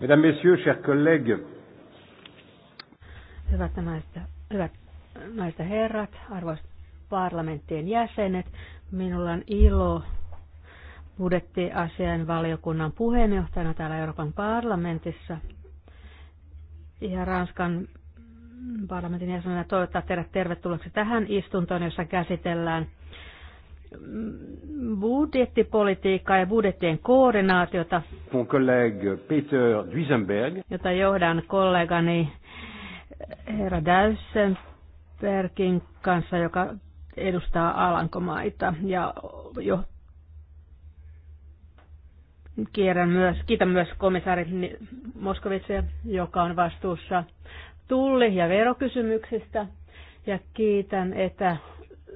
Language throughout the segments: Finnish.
Mesdames, Messieurs, chers collègues. Hyvät naiset, hyvät naiset herrat, arvoisat parlamenttien jäsenet, minulla on ilo budjettiasian valiokunnan puheenjohtajana täällä Euroopan parlamentissa ja Ranskan parlamentin jäsenenä toivottaa teidät tervetulleeksi tähän istuntoon, jossa käsitellään budjettipolitiikkaa ja budjettien koordinaatiota, Mon collègue Peter Duisenberg, jota johdan kollegani eh, herra Dausenbergin kanssa, joka edustaa Alankomaita ja jo Kierrän myös, kiitän myös komissaari Moskovitsia, joka on vastuussa tulli- ja verokysymyksistä. Ja kiitän, että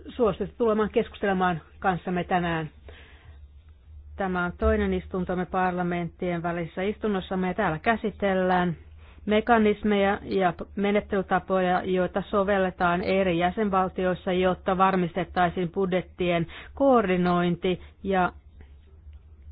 suostuitte tulemaan keskustelemaan kanssamme tänään. Tämä on toinen istuntomme parlamenttien välissä istunnossa, me täällä käsitellään mekanismeja ja menettelytapoja, joita sovelletaan eri jäsenvaltioissa, jotta varmistettaisiin budjettien koordinointi ja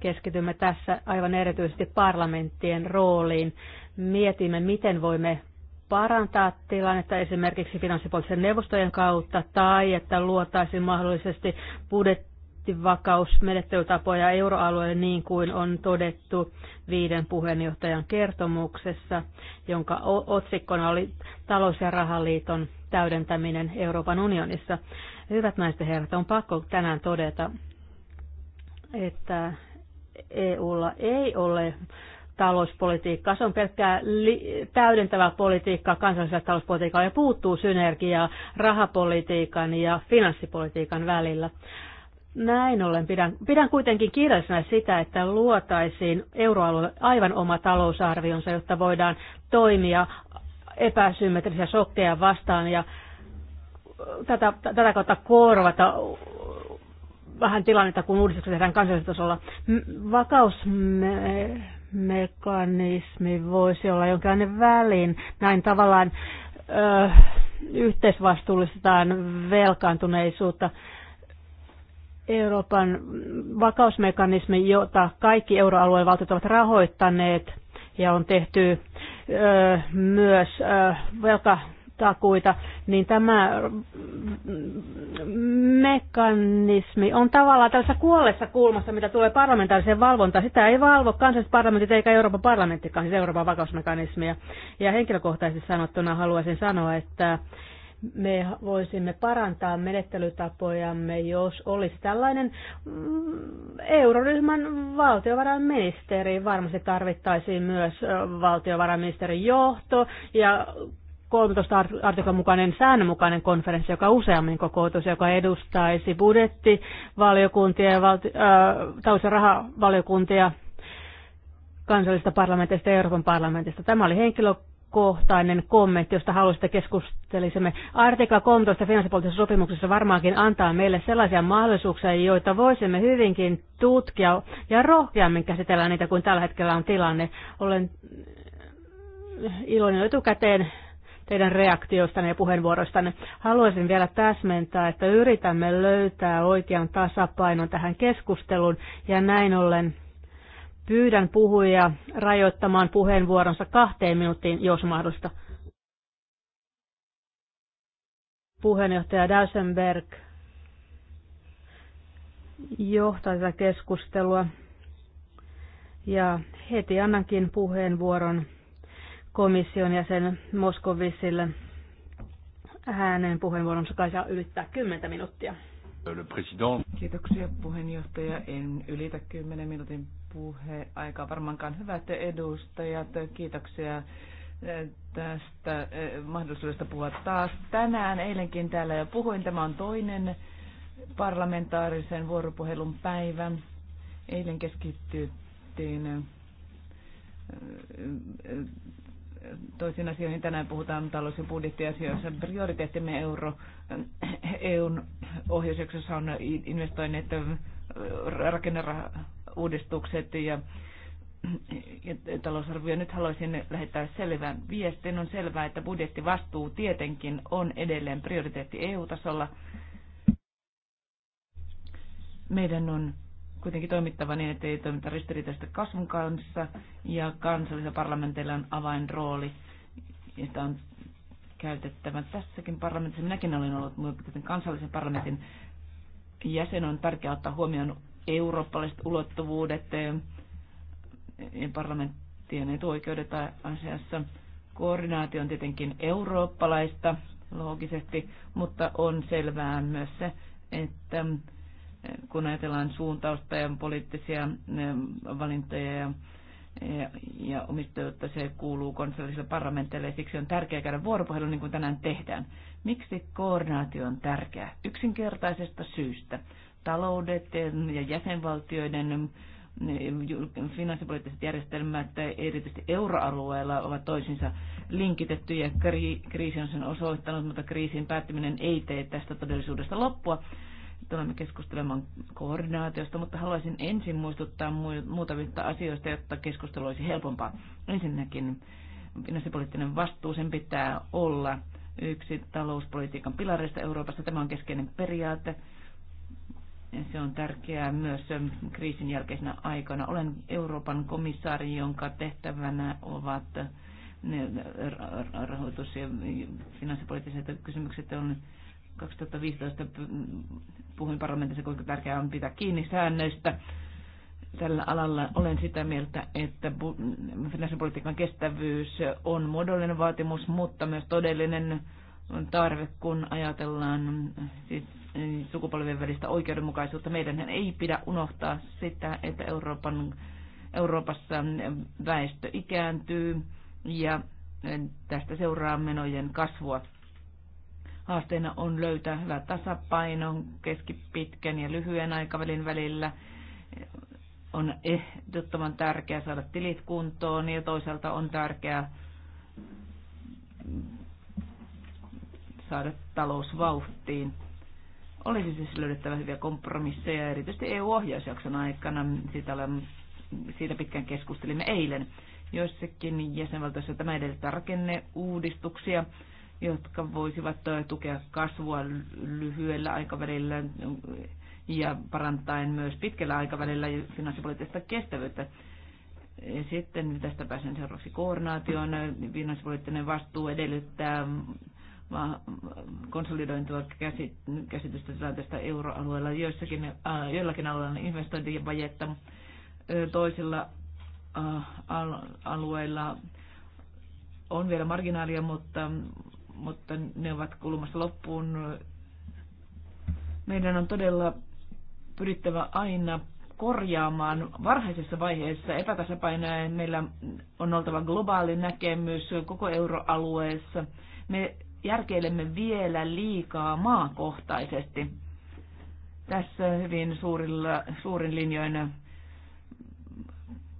keskitymme tässä aivan erityisesti parlamenttien rooliin. Mietimme, miten voimme parantaa tilannetta esimerkiksi finanssipoliittisen neuvostojen kautta tai että luotaisiin mahdollisesti budjettivakausmenettelytapoja euroalueelle niin kuin on todettu viiden puheenjohtajan kertomuksessa, jonka otsikkona oli talous- ja rahaliiton täydentäminen Euroopan unionissa. Hyvät naiset ja herrat, on pakko tänään todeta, että EUlla ei ole talouspolitiikkaa. Se on pelkkää li- täydentävää politiikkaa kansallisella talouspolitiikalla ja puuttuu synergiaa rahapolitiikan ja finanssipolitiikan välillä. Näin ollen pidän, pidän kuitenkin kirjallisena sitä, että luotaisiin euroalueelle aivan oma talousarvionsa, jotta voidaan toimia epäsymmetrisiä sokkeja vastaan ja tätä, tätä kautta korvata vähän tilannetta, kun uudistukset tehdään kansallisella tasolla. Vakausme mekanismi voisi olla jonkinlainen välin. Näin tavallaan ö, yhteisvastuullistetaan velkaantuneisuutta. Euroopan vakausmekanismi, jota kaikki euroalueen valtiot ovat rahoittaneet ja on tehty ö, myös ö, velka takuita, niin tämä mekanismi on tavallaan tällaisessa kuolleessa kulmassa, mitä tulee parlamentaariseen valvontaan. Sitä ei valvo kansalliset parlamentit eikä Euroopan parlamenttikaan, siis Euroopan vakausmekanismia. Ja henkilökohtaisesti sanottuna haluaisin sanoa, että me voisimme parantaa menettelytapojamme, jos olisi tällainen mm, euroryhmän valtiovarainministeri. Varmasti tarvittaisiin myös valtiovarainministerin johto ja 13 artiklan mukainen säännönmukainen konferenssi, joka useammin kokoutuisi, joka edustaisi budjettivaliokuntia ja valti- äh, rahavaliokuntia kansallisesta parlamentista ja Euroopan parlamentista. Tämä oli henkilökohtainen kommentti, josta haluaisitte keskustelisimme. Artikla 13 finanssipoliittisessa sopimuksessa varmaankin antaa meille sellaisia mahdollisuuksia, joita voisimme hyvinkin tutkia ja rohkeammin käsitellä niitä kuin tällä hetkellä on tilanne. Olen iloinen etukäteen teidän reaktioistanne ja puheenvuoroistanne. Haluaisin vielä täsmentää, että yritämme löytää oikean tasapainon tähän keskusteluun ja näin ollen pyydän puhujia rajoittamaan puheenvuoronsa kahteen minuuttiin, jos mahdollista. Puheenjohtaja Dausenberg johtaa tätä keskustelua ja heti annankin puheenvuoron komission jäsen Moskovisille. Hänen puheenvuoronsa kai saa ylittää 10 minuuttia. Kiitoksia puheenjohtaja. En ylitä 10 minuutin puheaikaa varmaankaan. Hyvät edustajat, kiitoksia eh, tästä eh, mahdollisuudesta puhua taas tänään. Eilenkin täällä jo puhuin. Tämä on toinen parlamentaarisen vuoropuhelun päivä. Eilen keskityttiin eh, toisiin asioihin. Tänään puhutaan talous- ja budjettiasioissa. Prioriteettimme euro, EUn ohjausjaksossa on investoinnit, rakenneuudistukset ja, ja talousarvio. Nyt haluaisin lähettää selvän viestin. On selvää, että budjettivastuu tietenkin on edelleen prioriteetti EU-tasolla. Meidän on kuitenkin toimittava niin, ei toimita ristiriitaista kasvun kanssa ja kansallisilla parlamenteilla on avainrooli ja sitä on käytettävä tässäkin parlamentissa. Minäkin olen ollut kansallisen parlamentin jäsen. On tärkeää ottaa huomioon eurooppalaiset ulottuvuudet ja parlamenttien etuoikeudet asiassa. Koordinaatio on tietenkin eurooppalaista loogisesti, mutta on selvää myös se, että kun ajatellaan suuntausta ja poliittisia valintoja ja, ja, ja omistajuutta, se kuuluu kansallisille parlamenteille siksi on tärkeää käydä vuoropuhelu niin kuin tänään tehdään. Miksi koordinaatio on tärkeää? Yksinkertaisesta syystä. Taloudet ja jäsenvaltioiden finanssipoliittiset järjestelmät, erityisesti euroalueella, ovat toisinsa linkitettyjä. ja kriisi on sen osoittanut, mutta kriisin päättyminen ei tee tästä todellisuudesta loppua tulemme keskustelemaan koordinaatiosta, mutta haluaisin ensin muistuttaa muutamista asioista, jotta keskustelu olisi helpompaa. Ensinnäkin finanssipoliittinen vastuu, sen pitää olla yksi talouspolitiikan pilareista Euroopassa. Tämä on keskeinen periaate. Se on tärkeää myös kriisin jälkeisenä aikana. Olen Euroopan komissaari, jonka tehtävänä ovat rahoitus- ja finanssipoliittiset kysymykset. On 2015 puhuin parlamentissa, kuinka tärkeää on pitää kiinni säännöistä. Tällä alalla olen sitä mieltä, että finanssipolitiikan kestävyys on muodollinen vaatimus, mutta myös todellinen tarve, kun ajatellaan siis eh, sukupolvien välistä oikeudenmukaisuutta. Meidän ei pidä unohtaa sitä, että Euroopan, Euroopassa väestö ikääntyy ja eh, tästä seuraa menojen kasvua Haasteena on löytää hyvä tasapaino keskipitkän ja lyhyen aikavälin välillä. On ehdottoman tärkeää saada tilit kuntoon ja toisaalta on tärkeää saada talous vauhtiin. Olisi siis löydettävä hyviä kompromisseja, erityisesti EU-ohjausjakson aikana. Siitä, olen, siitä pitkään keskustelimme eilen. Joissakin jäsenvaltioissa tämä edellyttää rakenneuudistuksia. uudistuksia jotka voisivat tukea kasvua lyhyellä aikavälillä ja parantaen myös pitkällä aikavälillä finanssipoliittista kestävyyttä. Sitten tästä pääsen seuraavaksi koordinaatioon. Finanssipoliittinen vastuu edellyttää konsolidointua käsitystä tilanteesta euroalueella. Joissakin, äh, joillakin alueilla on toisilla äh, alueilla on vielä marginaalia, mutta mutta ne ovat kulmassa loppuun. Meidän on todella pyrittävä aina korjaamaan varhaisessa vaiheessa epätasapainoja. Meillä on oltava globaali näkemys koko euroalueessa. Me järkeilemme vielä liikaa maakohtaisesti. Tässä hyvin suurilla, suurin linjoina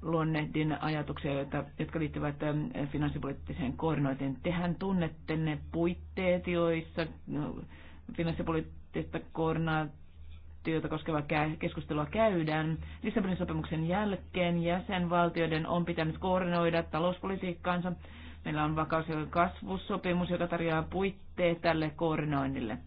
luonnehdin ajatuksia, joita, jotka liittyvät ähm, finanssipoliittiseen koordinointiin. Tehän tunnette ne puitteet, joissa no, finanssipoliittista koordinaatiota koskevaa keskustelua käydään. Lissabonin sopimuksen jälkeen jäsenvaltioiden on pitänyt koordinoida talouspolitiikkaansa. Meillä on vakaus- ja kasvussopimus, joka tarjoaa puitteet tälle koordinoinnille.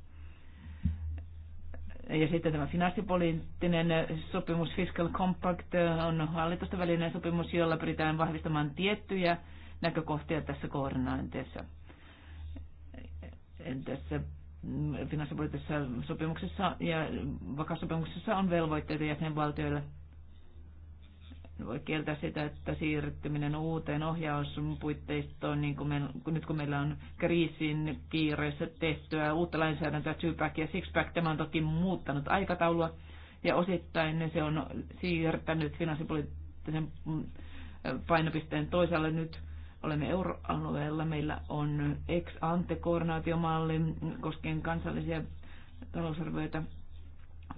Ja sitten tämä finanssipoliittinen sopimus, Fiscal Compact, on hallitusten välinen sopimus, jolla pyritään vahvistamaan tiettyjä näkökohtia tässä koordinaatiossa. Tässä mm, finanssipoliittisessa sopimuksessa ja vakaussopimuksessa on velvoitteita jäsenvaltioille – voi kieltää sitä, että siirtyminen uuteen ohjauspuitteistoon, niin kuin me, nyt kun meillä on kriisin kiireessä tehtyä uutta lainsäädäntöä, two-pack ja six-pack, tämä on toki muuttanut aikataulua ja osittain se on siirtänyt finanssipoliittisen mm, painopisteen toisaalle nyt olemme euroalueella, meillä on ex ante koordinaatiomalli koskien kansallisia talousarvioita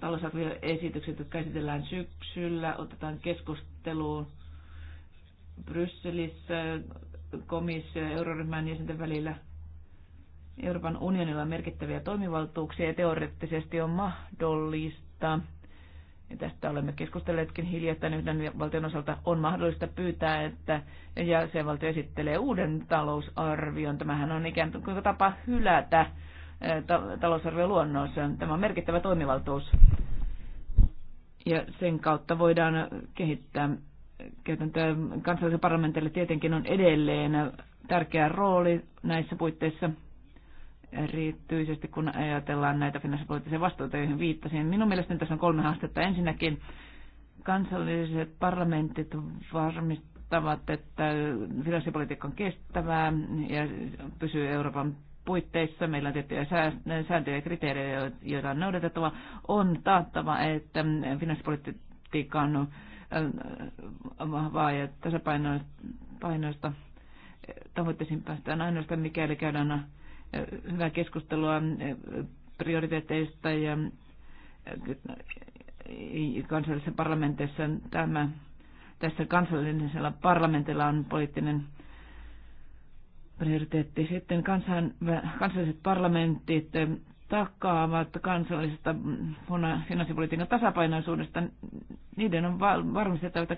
talousarvioesitykset, jotka käsitellään syksyllä, otetaan keskusteluun Brysselissä komissio ja euroryhmän jäsenten välillä. Euroopan unionilla on merkittäviä toimivaltuuksia ja teoreettisesti on mahdollista, ja tästä olemme keskustelleetkin hiljattain yhden valtion osalta, on mahdollista pyytää, että jäsenvaltio esittelee uuden talousarvion. Tämähän on ikään kuin tapa hylätä talousarvioluonnos. Tämä on merkittävä toimivaltuus ja sen kautta voidaan kehittää käytäntöä. Kansallisen parlamentille tietenkin on edelleen tärkeä rooli näissä puitteissa, erityisesti kun ajatellaan näitä finanssipoliittisia vastuuta, joihin viittasin. Minun mielestäni tässä on kolme haastetta. Ensinnäkin kansalliset parlamentit varmistavat, että finanssipolitiikka on kestävää ja pysyy Euroopan puitteissa, meillä on tiettyjä sääntöjä ja kriteerejä, joita on noudatettava, on taattava, että finanssipolitiikka on äh, vahvaa ja tasapainoista tavoitteisiin päästään ainoastaan, mikäli käydään äh, hyvää keskustelua äh, prioriteeteista ja kansallisessa parlamentissa tämä, tässä kansallisella parlamentilla on poliittinen prioriteetti. Sitten kansan, kansalliset parlamentit takaavat kansallisesta finanssipolitiikan tasapainoisuudesta. Niiden on varmistettava, että,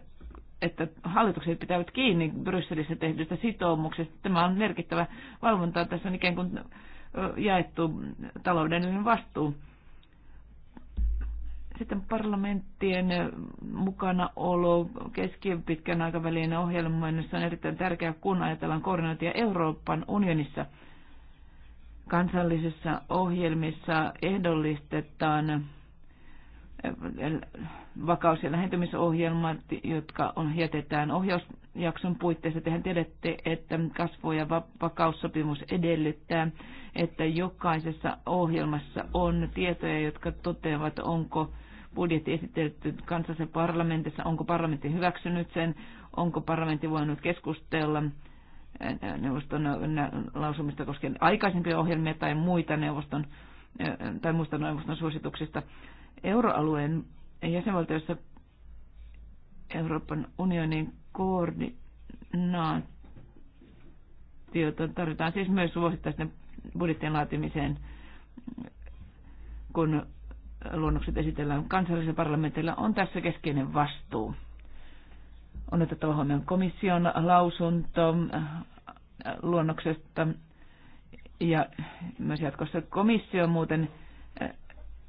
että hallitukset pitävät kiinni Brysselissä tehdystä sitoumuksesta. Tämä on merkittävä valvonta. Tässä on ikään kuin jaettu taloudellinen vastuu. Sitten parlamenttien mukanaolo keskipitkän aikavälin ohjelmoinnissa on erittäin tärkeää, kun ajatellaan koordinointia Euroopan unionissa. Kansallisissa ohjelmissa ehdollistetaan eh, vakaus- ja lähentymisohjelmat, jotka on, jätetään ohjausjakson puitteissa. Tehän tiedätte, että kasvu- ja vakaussopimus edellyttää, että jokaisessa ohjelmassa on tietoja, jotka toteavat, onko budjetti esitelty kansallisessa parlamentissa, onko parlamentti hyväksynyt sen, onko parlamentti voinut keskustella eh, neuvoston eh, lausumista koskien aikaisempia ohjelmia tai muita neuvoston eh, tai muista neuvoston suosituksista. Euroalueen jäsenvaltioissa Euroopan unionin koordinaatiota tarvitaan siis myös vuosittaisten budjettien laatimiseen, kun luonnokset esitellään kansallisella parlamentilla, on tässä keskeinen vastuu. On otettava huomioon komission lausunto äh, luonnoksesta ja myös jatkossa komissio muuten äh,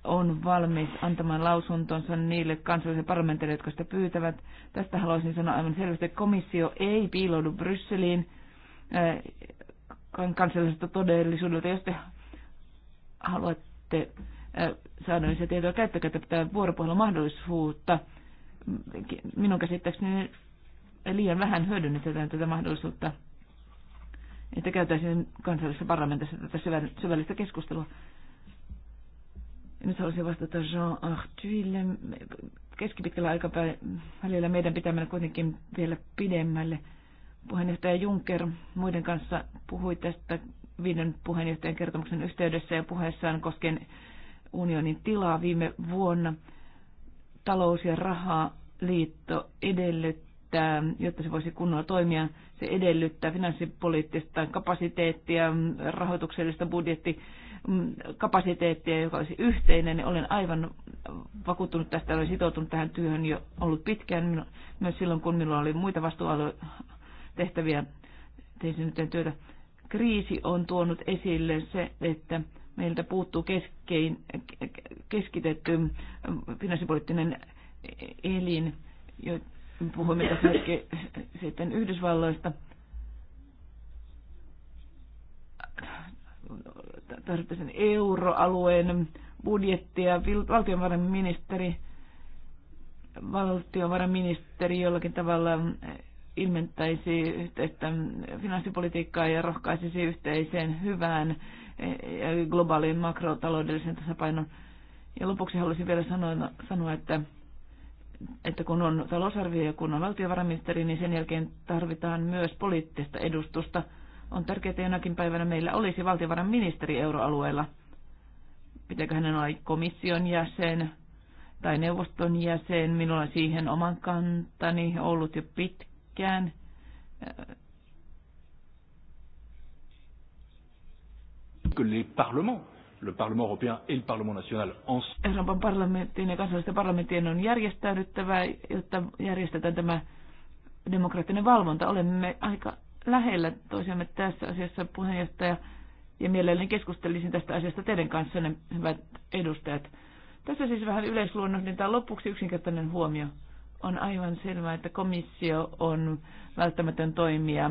on valmis antamaan lausuntonsa niille kansallisille parlamenteille, jotka sitä pyytävät. Tästä haluaisin sanoa aivan selvästi, että komissio ei piiloudu Brysseliin äh, kansallisesta todellisuudelta. Jos te haluatte Äh, säännöllisiä tietoja, käyttäkää tätä vuoropuhelun mahdollisuutta. Minun käsittääkseni liian vähän hyödynnetään tätä mahdollisuutta, että käytäisiin kansallisessa parlamentissa tätä syvällistä keskustelua. nyt haluaisin vastata Jean Arthuille. Keskipitkällä aikavälillä meidän pitää mennä kuitenkin vielä pidemmälle. Puheenjohtaja Juncker muiden kanssa puhui tästä viiden puheenjohtajan kertomuksen yhteydessä ja puheessaan koskien unionin tilaa viime vuonna. Talous- ja rahaliitto edellyttää, jotta se voisi kunnolla toimia, se edellyttää finanssipoliittista kapasiteettia, rahoituksellista budjetti kapasiteettia, joka olisi yhteinen. Olen aivan vakuuttunut tästä, olen sitoutunut tähän työhön jo ollut pitkään, myös silloin kun minulla oli muita vastuualuetehtäviä, tein sen työtä. Kriisi on tuonut esille se, että meiltä puuttuu keskein, keskitetty finanssipoliittinen elin. Puhuimme tässä sitten Yhdysvalloista. Tarvitsen euroalueen budjettia. Valtiovarainministeri, valtiovarainministeri jollakin tavalla ilmentäisi yhteistä finanssipolitiikkaa ja rohkaisisi yhteiseen hyvään globaalin makrotaloudellisen tasapainon. Ja lopuksi haluaisin vielä sanoa, sanoa että, että kun on talousarvio ja kun on valtiovarainministeri, niin sen jälkeen tarvitaan myös poliittista edustusta. On tärkeää, että jonakin päivänä meillä olisi valtiovarainministeri euroalueella. Pitääkö hänen olla komission jäsen tai neuvoston jäsen? Minulla on siihen oman kantani ollut jo pitkään que les parlements le Parlement européen et le Parlement national en... tämä demokraattinen valvonta. Olemme aika lähellä toisiamme tässä asiassa puheenjohtaja ja mielelläni keskustelisin tästä asiasta teidän kanssanne, hyvät edustajat. Tässä siis vähän yleisluonnohdintaa. Lopuksi yksinkertainen huomio. On aivan selvää, että komissio on välttämätön toimija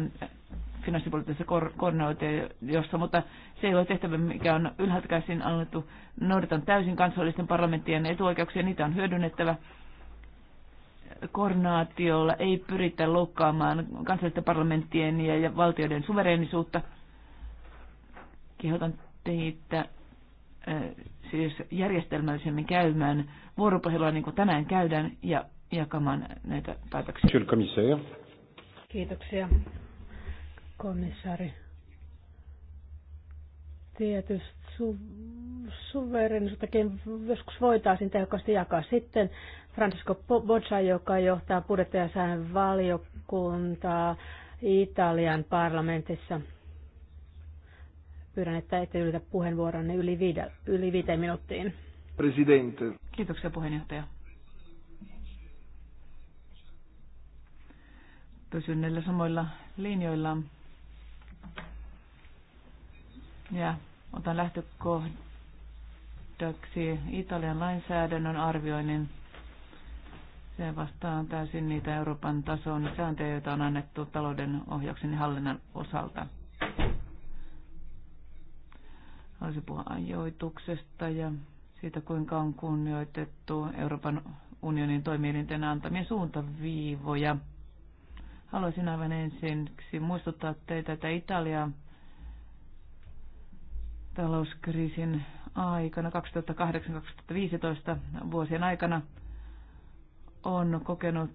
finanssipoliittisessa koordinaatiossa, mutta se ei ole tehtävä, mikä on ylhäältä käsin annettu. Noudatan täysin kansallisten parlamenttien etuoikeuksia, niitä on hyödynnettävä. Koordinaatiolla ei pyritä loukkaamaan kansallisten parlamenttien ja valtioiden suvereenisuutta. Kehotan teitä siis järjestelmällisemmin käymään vuoropuhelua niin kuin tänään käydään ja jakamaan näitä päätöksiä. Kiitoksia komissari. Tietysti su- suverenisuuttakin joskus voitaisiin tehokkaasti jakaa. Sitten Francisco Boccia, joka johtaa budjettiasain valiokuntaa Italian parlamentissa. Pyydän, että ette ylitä puheenvuoronne yli, viide, yli viiteen minuuttiin. Presidente. Kiitoksia puheenjohtaja. Pysyn näillä samoilla linjoilla ja otan lähtökohdaksi Italian lainsäädännön arvioinnin. Se vastaa täysin niitä Euroopan tason sääntöjä, joita on annettu talouden ohjauksen ja hallinnan osalta. Haluaisin puhua ajoituksesta ja siitä, kuinka on kunnioitettu Euroopan unionin toimielinten antamia suuntaviivoja. Haluaisin aivan ensiksi muistuttaa teitä, että Italia talouskriisin aikana 2008-2015 vuosien aikana on kokenut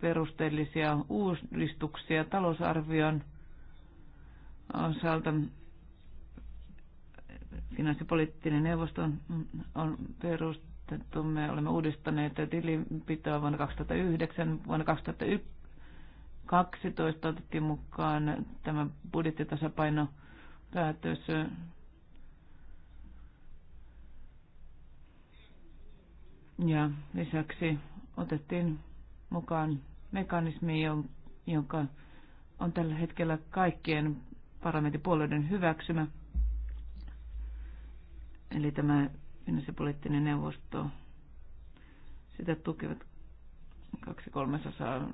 perusteellisia uudistuksia talousarvion osalta. Finanssipoliittinen neuvosto on perustettu. Me olemme uudistaneet tilinpitoa vuonna 2009. Vuonna 2012 otettiin mukaan tämä budjettitasapaino – päätös Ja lisäksi otettiin mukaan mekanismi, jonka on tällä hetkellä kaikkien parlamentin hyväksymä. Eli tämä finanssipoliittinen neuvosto, sitä tukevat kaksi kolmasosaa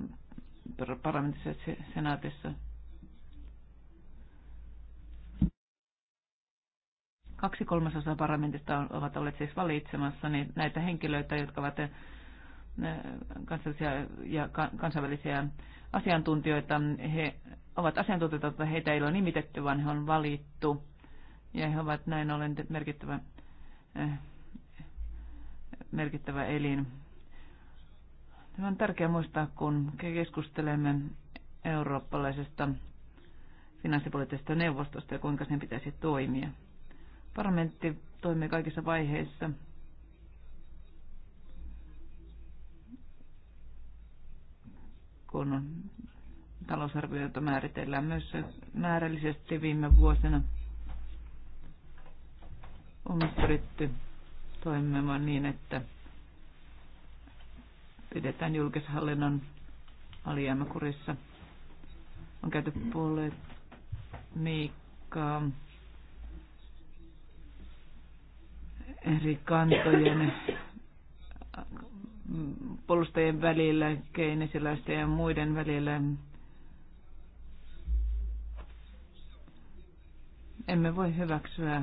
parlamentissa ja senaatissa Kaksi kolmasosaa parlamentista ovat olleet siis valitsemassa niin näitä henkilöitä, jotka ovat eh, kansallisia ja kansainvälisiä asiantuntijoita. He ovat asiantuntijoita, mutta heitä ei ole nimitetty, vaan he on valittu. Ja he ovat näin ollen merkittävä, eh, merkittävä elin. Tämä on tärkeää muistaa, kun keskustelemme eurooppalaisesta finanssipoliittisesta neuvostosta ja kuinka sen pitäisi toimia. Parlamentti toimii kaikissa vaiheissa. Kun talousarvioita määritellään myös määrällisesti viime vuosina, on pyritty toimimaan niin, että pidetään julkishallinnon alijäämäkurissa. On käyty Miikkaa. eri kantojen puolustajien välillä, keinesiläisten ja muiden välillä. Emme voi hyväksyä,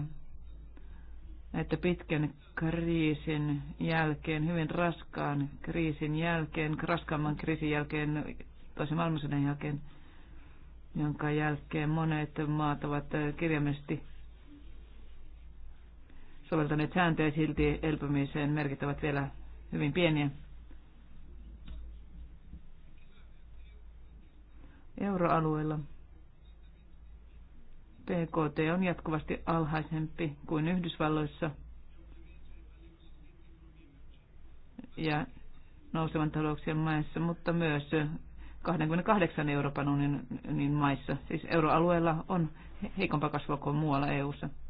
että pitkän kriisin jälkeen, hyvin raskaan kriisin jälkeen, raskaamman kriisin jälkeen, toisen maailmansodan jälkeen, jonka jälkeen monet maat ovat kirjaimellisesti soveltaneet sääntöjä, silti elpymiseen merkit ovat vielä hyvin pieniä. Euroalueella PKT on jatkuvasti alhaisempi kuin Yhdysvalloissa ja nousevan talouksien maissa, mutta myös 28 Euroopan unionin maissa. Siis euroalueella on heikompaa kasvua kuin muualla EU:ssa. ssa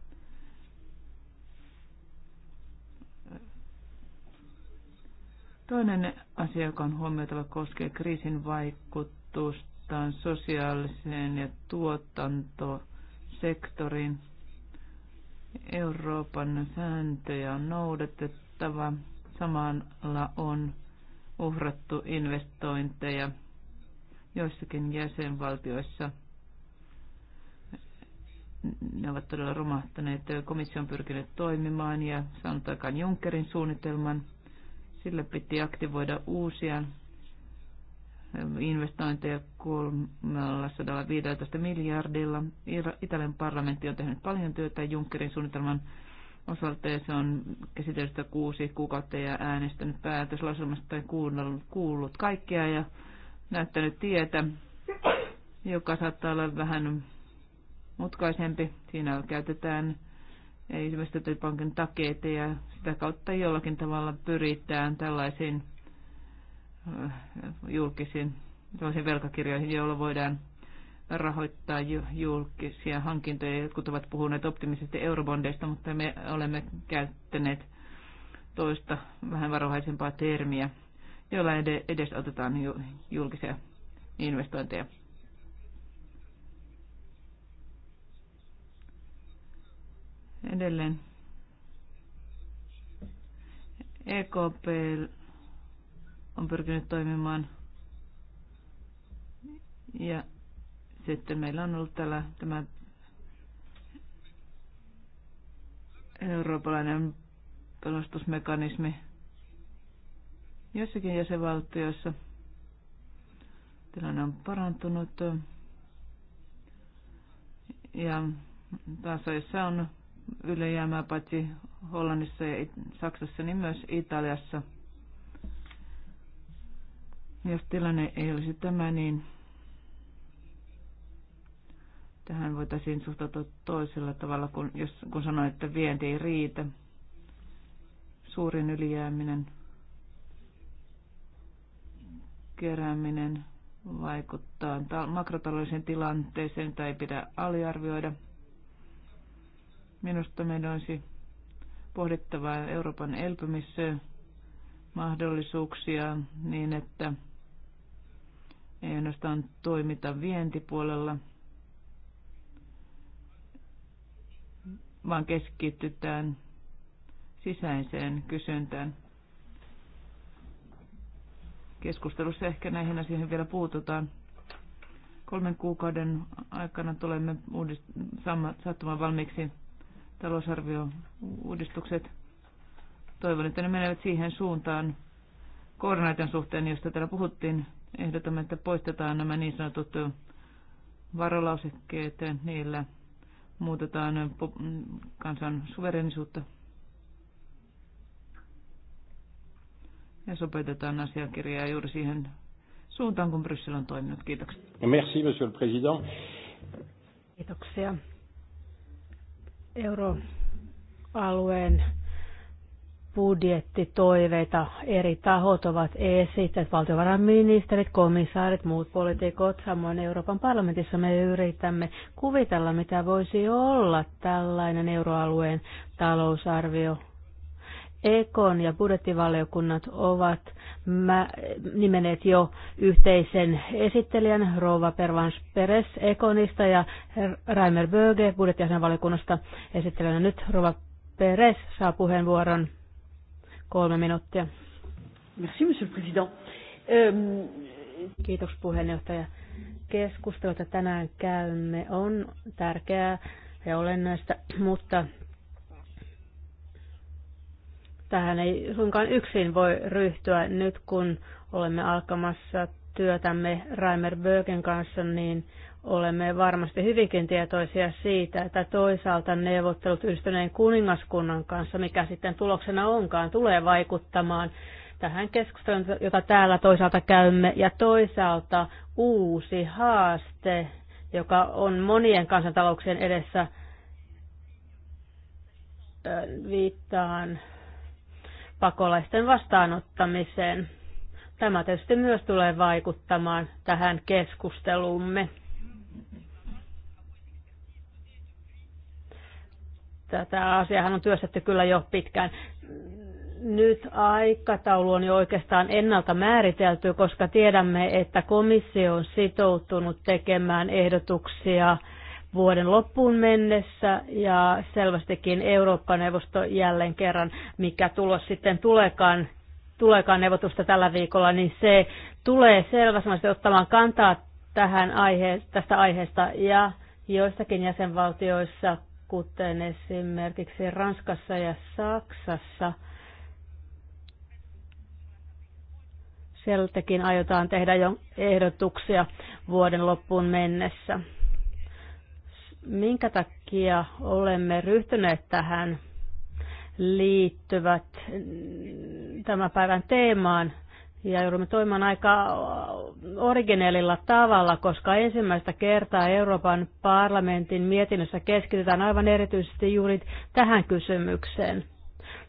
Toinen asia, joka on huomioitava, koskee kriisin vaikutusta sosiaaliseen ja tuotantosektoriin. Euroopan sääntöjä on noudatettava. Samalla on uhrattu investointeja joissakin jäsenvaltioissa. Ne ovat todella romahtaneet. Komissio on pyrkinyt toimimaan ja saanut aikaan Junckerin suunnitelman – sille piti aktivoida uusia investointeja 315 miljardilla. Italian parlamentti on tehnyt paljon työtä Junckerin suunnitelman osalta ja se on käsitellyt kuusi kuukautta ja äänestänyt päätöslauselmasta tai kuunnellut, kuullut kaikkea ja näyttänyt tietä, joka saattaa olla vähän mutkaisempi. Siinä käytetään investointipankin takeita ja sitä kautta jollakin tavalla pyritään tällaisiin äh, julkisiin tällaisiin velkakirjoihin, joilla voidaan rahoittaa julkisia hankintoja. Jotkut ovat puhuneet optimisesti eurobondeista, mutta me olemme käyttäneet toista vähän varovaisempaa termiä, jolla edes otetaan julkisia investointeja. Edelleen EKP on pyrkinyt toimimaan ja sitten meillä on ollut täällä tämä eurooppalainen pelastusmekanismi jossakin jäsenvaltioissa Tilanne on parantunut ja tasoissa on ylijäämää paitsi Hollannissa ja Saksassa, niin myös Italiassa. Jos tilanne ei olisi tämä, niin tähän voitaisiin suhtautua toisella tavalla, kun, jos, kun sanoin, että vienti ei riitä. Suurin ylijääminen, kerääminen vaikuttaa makrotaloudelliseen tilanteeseen tai ei pidä aliarvioida – Minusta meidän olisi pohdittava Euroopan elpymismahdollisuuksia niin, että ei ainoastaan toimita vientipuolella, vaan keskitytään sisäiseen kysyntään. Keskustelussa ehkä näihin asioihin vielä puututaan. Kolmen kuukauden aikana tulemme uudist- saattamaan valmiiksi talousarvio-uudistukset. Toivon, että ne menevät siihen suuntaan koordinaatin suhteen, josta täällä puhuttiin. Ehdotamme, että poistetaan nämä niin sanotut varolausekkeet. Niillä muutetaan kansan suverenisuutta ja sopeutetaan asiakirjaa juuri siihen suuntaan, kun Bryssel on toiminut. Kiitoksia. Merci, monsieur le président. Kiitoksia euroalueen budjettitoiveita eri tahot ovat esittäneet, valtiovarainministerit, komissaarit, muut poliitikot, samoin Euroopan parlamentissa me yritämme kuvitella, mitä voisi olla tällainen euroalueen talousarvio Ekon ja budjettivaliokunnat ovat mä, nimeneet jo yhteisen esittelijän Rova Pervans Peres Ekonista ja Raimer Böge budjettiasianvaliokunnasta esittelijänä nyt Rova Peres saa puheenvuoron kolme minuuttia. Merci, monsieur le président. Um... Kiitos puheenjohtaja. Keskustelu, jota tänään käymme, on tärkeää ja olennaista, mutta Tähän ei suinkaan yksin voi ryhtyä nyt, kun olemme alkamassa työtämme Raimer Bögen kanssa, niin olemme varmasti hyvinkin tietoisia siitä, että toisaalta neuvottelut yhdistyneen kuningaskunnan kanssa, mikä sitten tuloksena onkaan, tulee vaikuttamaan tähän keskusteluun, jota täällä toisaalta käymme, ja toisaalta uusi haaste, joka on monien kansantalouksien edessä, viittaan pakolaisten vastaanottamiseen. Tämä tietysti myös tulee vaikuttamaan tähän keskusteluumme. Tätä asiahan on työstetty kyllä jo pitkään. Nyt aikataulu on jo oikeastaan ennalta määritelty, koska tiedämme, että komissio on sitoutunut tekemään ehdotuksia vuoden loppuun mennessä ja selvästikin Eurooppa-neuvosto jälleen kerran, mikä tulos sitten tuleekaan, tuleekaan neuvotusta tällä viikolla, niin se tulee selvästi ottamaan kantaa tähän aihe, tästä aiheesta ja joissakin jäsenvaltioissa, kuten esimerkiksi Ranskassa ja Saksassa, sieltäkin aiotaan tehdä jo ehdotuksia vuoden loppuun mennessä minkä takia olemme ryhtyneet tähän liittyvät tämän päivän teemaan. Ja joudumme toimimaan aika originellilla tavalla, koska ensimmäistä kertaa Euroopan parlamentin mietinnössä keskitytään aivan erityisesti juuri tähän kysymykseen.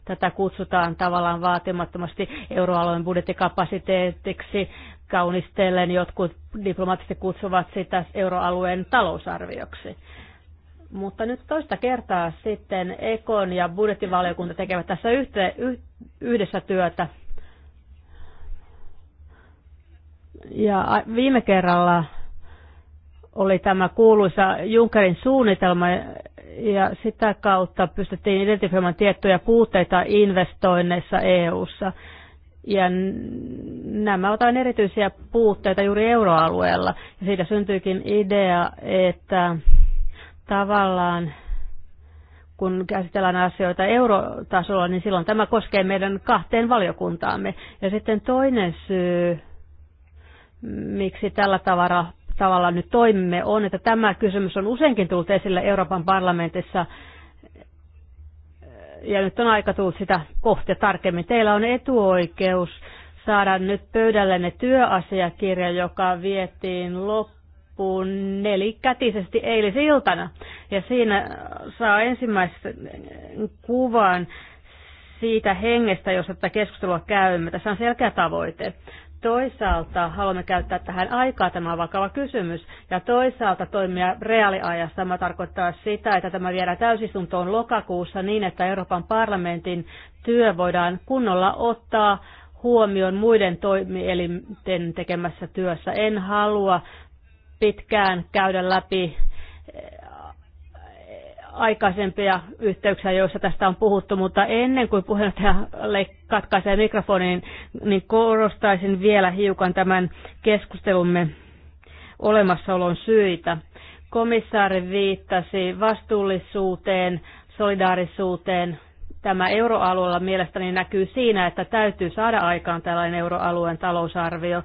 Tätä kutsutaan tavallaan vaatimattomasti euroalueen budjettikapasiteetiksi. Kaunistellen jotkut diplomaattisesti kutsuvat sitä euroalueen talousarvioksi. Mutta nyt toista kertaa sitten Ekon ja budjettivaliokunta tekevät tässä yhdessä työtä. Ja viime kerralla oli tämä kuuluisa Junckerin suunnitelma ja sitä kautta pystyttiin identifioimaan tiettyjä puutteita investoinneissa EU:ssa. Ja nämä ovat erityisiä puutteita juuri euroalueella. Ja siitä syntyikin idea, että tavallaan kun käsitellään asioita eurotasolla, niin silloin tämä koskee meidän kahteen valiokuntaamme. Ja sitten toinen syy, miksi tällä tavalla, tavalla nyt toimimme, on, että tämä kysymys on useinkin tullut esille Euroopan parlamentissa, ja nyt on aika tullut sitä kohtia tarkemmin. Teillä on etuoikeus saada nyt pöydälle ne työasiakirja, joka vietiin loppuun loppuun nelikätisesti eilisiltana. Ja siinä saa ensimmäisen kuvan siitä hengestä, jossa tätä keskustelua käymme. Tässä on selkeä tavoite. Toisaalta haluamme käyttää tähän aikaa, tämä on vakava kysymys, ja toisaalta toimia reaaliajassa. Tämä tarkoittaa sitä, että tämä viedään täysistuntoon lokakuussa niin, että Euroopan parlamentin työ voidaan kunnolla ottaa huomioon muiden toimielinten tekemässä työssä. En halua pitkään käydä läpi eh, aikaisempia yhteyksiä, joissa tästä on puhuttu, mutta ennen kuin puheenjohtaja katkaisee mikrofonin, niin korostaisin vielä hiukan tämän keskustelumme olemassaolon syitä. Komissaari viittasi vastuullisuuteen, solidaarisuuteen. Tämä euroalueella mielestäni näkyy siinä, että täytyy saada aikaan tällainen euroalueen talousarvio.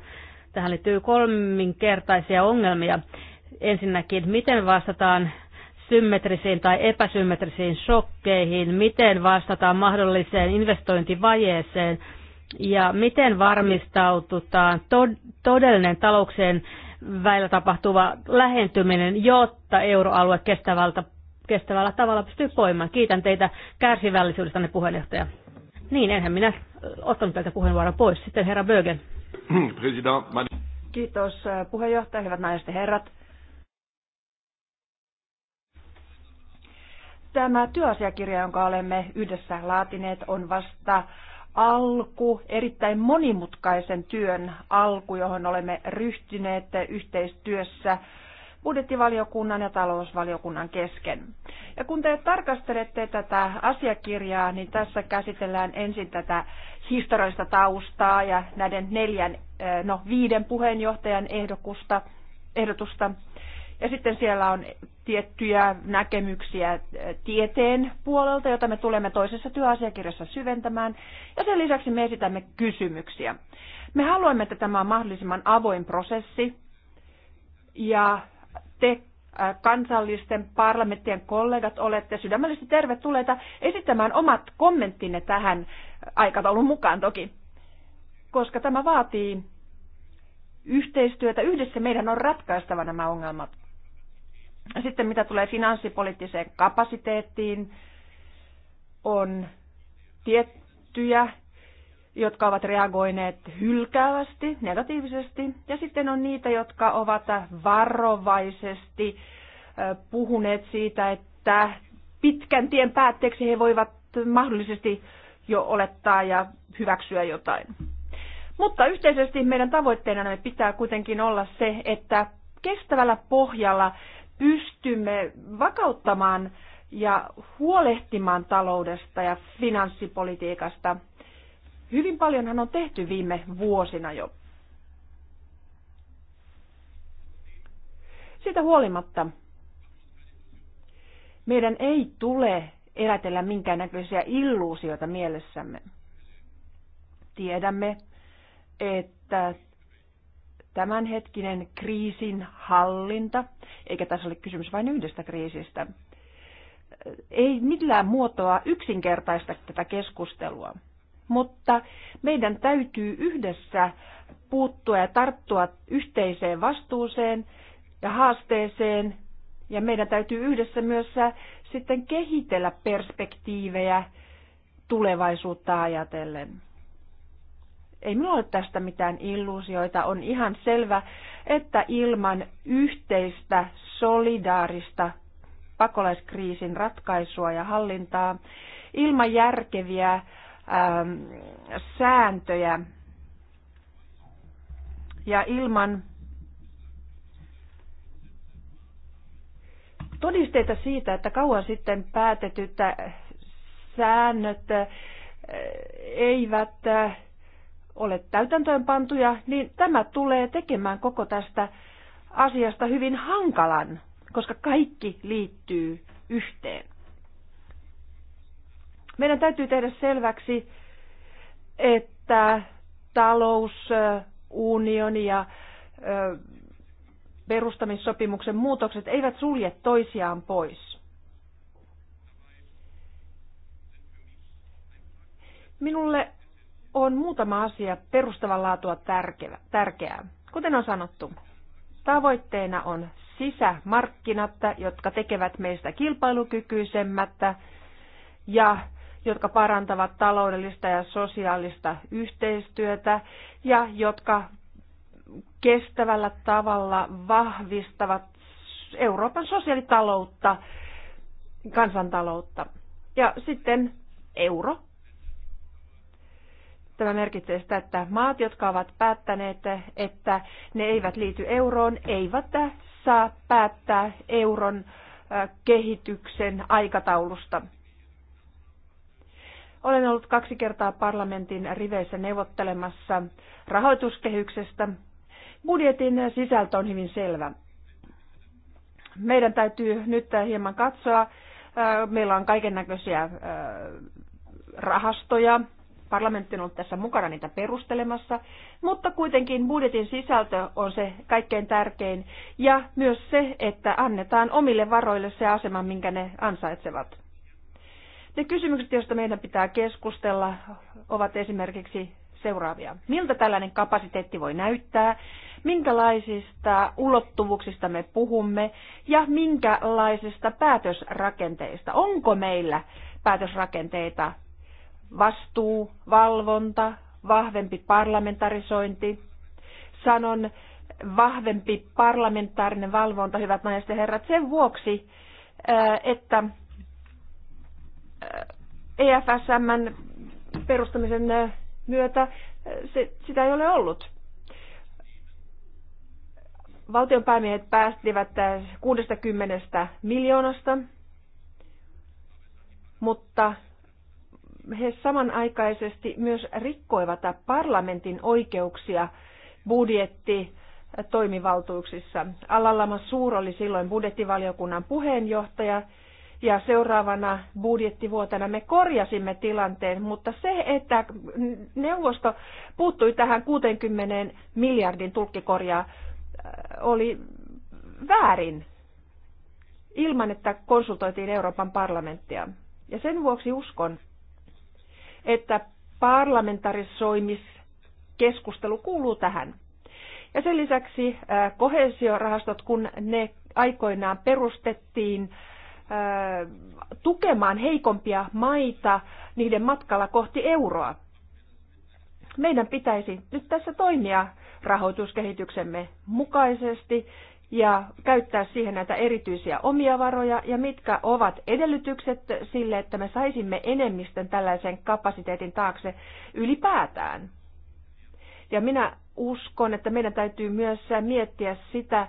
Tähän liittyy kolminkertaisia ongelmia. Ensinnäkin, miten vastataan symmetrisiin tai epäsymmetrisiin shokkeihin, miten vastataan mahdolliseen investointivajeeseen ja miten varmistaututaan todellinen talouksien väillä tapahtuva lähentyminen, jotta euroalue kestävältä, kestävällä tavalla pystyy poimaan. Kiitän teitä kärsivällisyydestänne puheenjohtaja. Niin, enhän minä ottanut tältä puheenvuoron pois. Sitten herra Bögen. Kiitos äh, puheenjohtaja, hyvät naiset ja herrat. Tämä työasiakirja, jonka olemme yhdessä laatineet, on vasta alku, erittäin monimutkaisen työn alku, johon olemme ryhtyneet yhteistyössä budjettivaliokunnan ja talousvaliokunnan kesken. Ja kun te tarkastelette tätä asiakirjaa, niin tässä käsitellään ensin tätä historiallista taustaa ja näiden neljän, no viiden puheenjohtajan ehdokusta, ehdotusta. Ja sitten siellä on tiettyjä näkemyksiä tieteen puolelta, jota me tulemme toisessa työasiakirjassa syventämään. Ja sen lisäksi me esitämme kysymyksiä. Me haluamme, että tämä on mahdollisimman avoin prosessi. Ja te kansallisten parlamenttien kollegat olette sydämellisesti tervetulleita esittämään omat kommenttinne tähän aikataulun mukaan toki, koska tämä vaatii yhteistyötä. Yhdessä meidän on ratkaistava nämä ongelmat. Sitten mitä tulee finanssipoliittiseen kapasiteettiin, on tiettyjä, jotka ovat reagoineet hylkäävästi, negatiivisesti, ja sitten on niitä, jotka ovat varovaisesti puhuneet siitä, että pitkän tien päätteeksi he voivat mahdollisesti jo olettaa ja hyväksyä jotain. Mutta yhteisesti meidän tavoitteena pitää kuitenkin olla se, että kestävällä pohjalla pystymme vakauttamaan ja huolehtimaan taloudesta ja finanssipolitiikasta. Hyvin paljonhan on tehty viime vuosina jo. Siitä huolimatta meidän ei tule elätellä minkäännäköisiä illuusioita mielessämme. Tiedämme, että tämänhetkinen kriisin hallinta, eikä tässä ole kysymys vain yhdestä kriisistä, ei millään muotoa yksinkertaista tätä keskustelua. Mutta meidän täytyy yhdessä puuttua ja tarttua yhteiseen vastuuseen ja haasteeseen, ja meidän täytyy yhdessä myös sitten kehitellä perspektiivejä tulevaisuutta ajatellen. Ei minulla ole tästä mitään illuusioita. On ihan selvä, että ilman yhteistä, solidaarista pakolaiskriisin ratkaisua ja hallintaa, ilman järkeviä ähm, sääntöjä ja ilman todisteita siitä, että kauan sitten päätetyt äh, säännöt äh, eivät äh, ole täytäntöönpantuja, niin tämä tulee tekemään koko tästä asiasta hyvin hankalan, koska kaikki liittyy yhteen. Meidän täytyy tehdä selväksi, että talousunioni ja perustamissopimuksen muutokset eivät sulje toisiaan pois. Minulle on muutama asia perustavanlaatua tärkeää. Kuten on sanottu, tavoitteena on sisämarkkinat, jotka tekevät meistä kilpailukykyisemmät ja jotka parantavat taloudellista ja sosiaalista yhteistyötä ja jotka kestävällä tavalla vahvistavat Euroopan sosiaalitaloutta, kansantaloutta. Ja sitten euro. Tämä merkitsee sitä, että maat, jotka ovat päättäneet, että ne eivät liity euroon, eivät saa päättää euron kehityksen aikataulusta. Olen ollut kaksi kertaa parlamentin riveissä neuvottelemassa rahoituskehyksestä Budjetin sisältö on hyvin selvä. Meidän täytyy nyt hieman katsoa. Äh, meillä on kaiken näköisiä äh, rahastoja. Parlamentti on ollut tässä mukana niitä perustelemassa, mutta kuitenkin budjetin sisältö on se kaikkein tärkein ja myös se, että annetaan omille varoille se asema, minkä ne ansaitsevat. Ne kysymykset, joista meidän pitää keskustella, ovat esimerkiksi seuraavia. Miltä tällainen kapasiteetti voi näyttää? Minkälaisista ulottuvuuksista me puhumme ja minkälaisista päätösrakenteista? Onko meillä päätösrakenteita vastuu, valvonta, vahvempi parlamentarisointi? Sanon vahvempi parlamentaarinen valvonta, hyvät naiset ja herrat, sen vuoksi, äh, että äh, EFSM perustamisen äh, myötä se, sitä ei ole ollut. Valtionpäämiehet päästivät 60 miljoonasta, mutta he samanaikaisesti myös rikkoivat parlamentin oikeuksia budjetti toimivaltuuksissa. Alallama Suur oli silloin budjettivaliokunnan puheenjohtaja ja seuraavana budjettivuotena me korjasimme tilanteen, mutta se, että neuvosto puuttui tähän 60 miljardin tulkkikorjaa, äh, oli väärin ilman, että konsultoitiin Euroopan parlamenttia. Ja sen vuoksi uskon, että parlamentarisoimiskeskustelu kuuluu tähän. Ja sen lisäksi äh, kohesiorahastot, kun ne aikoinaan perustettiin, tukemaan heikompia maita niiden matkalla kohti euroa. Meidän pitäisi nyt tässä toimia rahoituskehityksemme mukaisesti ja käyttää siihen näitä erityisiä omia varoja ja mitkä ovat edellytykset sille, että me saisimme enemmistön tällaisen kapasiteetin taakse ylipäätään. Ja minä uskon, että meidän täytyy myös miettiä sitä,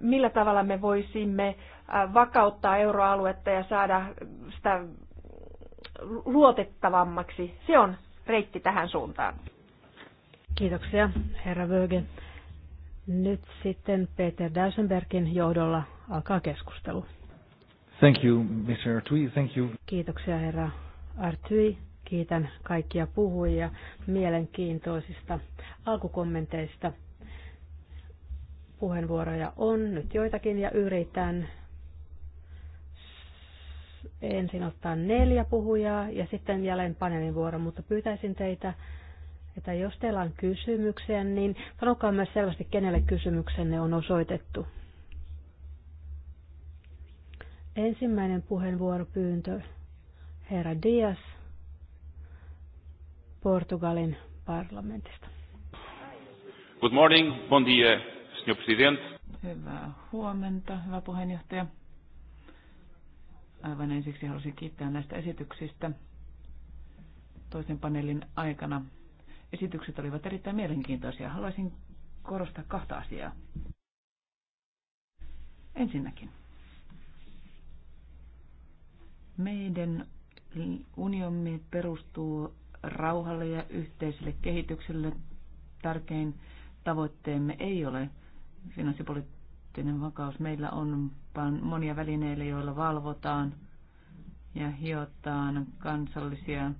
millä tavalla me voisimme vakauttaa euroaluetta ja saada sitä luotettavammaksi. Se on reitti tähän suuntaan. Kiitoksia, herra Vöge. Nyt sitten Peter Dausenbergin johdolla alkaa keskustelu. Thank you, Mr. Artui. Thank you. Kiitoksia, herra Artui. Kiitän kaikkia puhujia mielenkiintoisista alkukommenteista. Puheenvuoroja on nyt joitakin ja yritän ensin ottaa neljä puhujaa ja sitten jälleen paneelin vuoro, mutta pyytäisin teitä, että jos teillä on kysymyksiä, niin sanokaa myös selvästi, kenelle kysymyksenne on osoitettu. Ensimmäinen puheenvuoropyyntö, herra Dias, Portugalin parlamentista. Good morning, bon dia, President. Hyvää huomenta, hyvä puheenjohtaja. Aivan ensiksi haluaisin kiittää näistä esityksistä toisen paneelin aikana. Esitykset olivat erittäin mielenkiintoisia. Haluaisin korostaa kahta asiaa. Ensinnäkin. Meidän unionimme perustuu rauhalle ja yhteiselle kehitykselle. Tärkein tavoitteemme ei ole finanssipolitiikka poliittinen vakaus. Meillä on monia välineitä, joilla valvotaan ja hiotaan kansallisia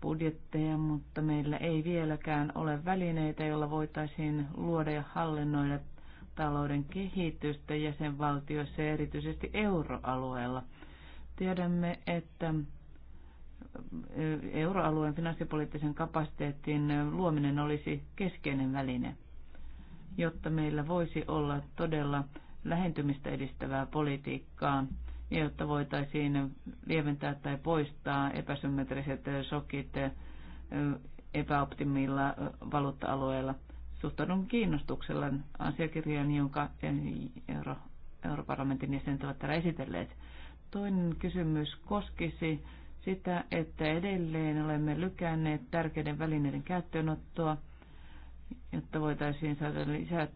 budjetteja, mutta meillä ei vieläkään ole välineitä, joilla voitaisiin luoda ja hallinnoida talouden kehitystä jäsenvaltioissa ja erityisesti euroalueella. Tiedämme, että euroalueen finanssipoliittisen kapasiteetin luominen olisi keskeinen väline jotta meillä voisi olla todella lähentymistä edistävää politiikkaa ja jotta voitaisiin lieventää tai poistaa epäsymmetriset shokit epäoptimilla valuutta-alueilla. Suhtaudun kiinnostuksella asiakirjaan, jonka Euro- europarlamentin jäsenet ovat täällä esitelleet. Toinen kysymys koskisi sitä, että edelleen olemme lykänneet tärkeiden välineiden käyttöönottoa – jotta voitaisiin saada lisää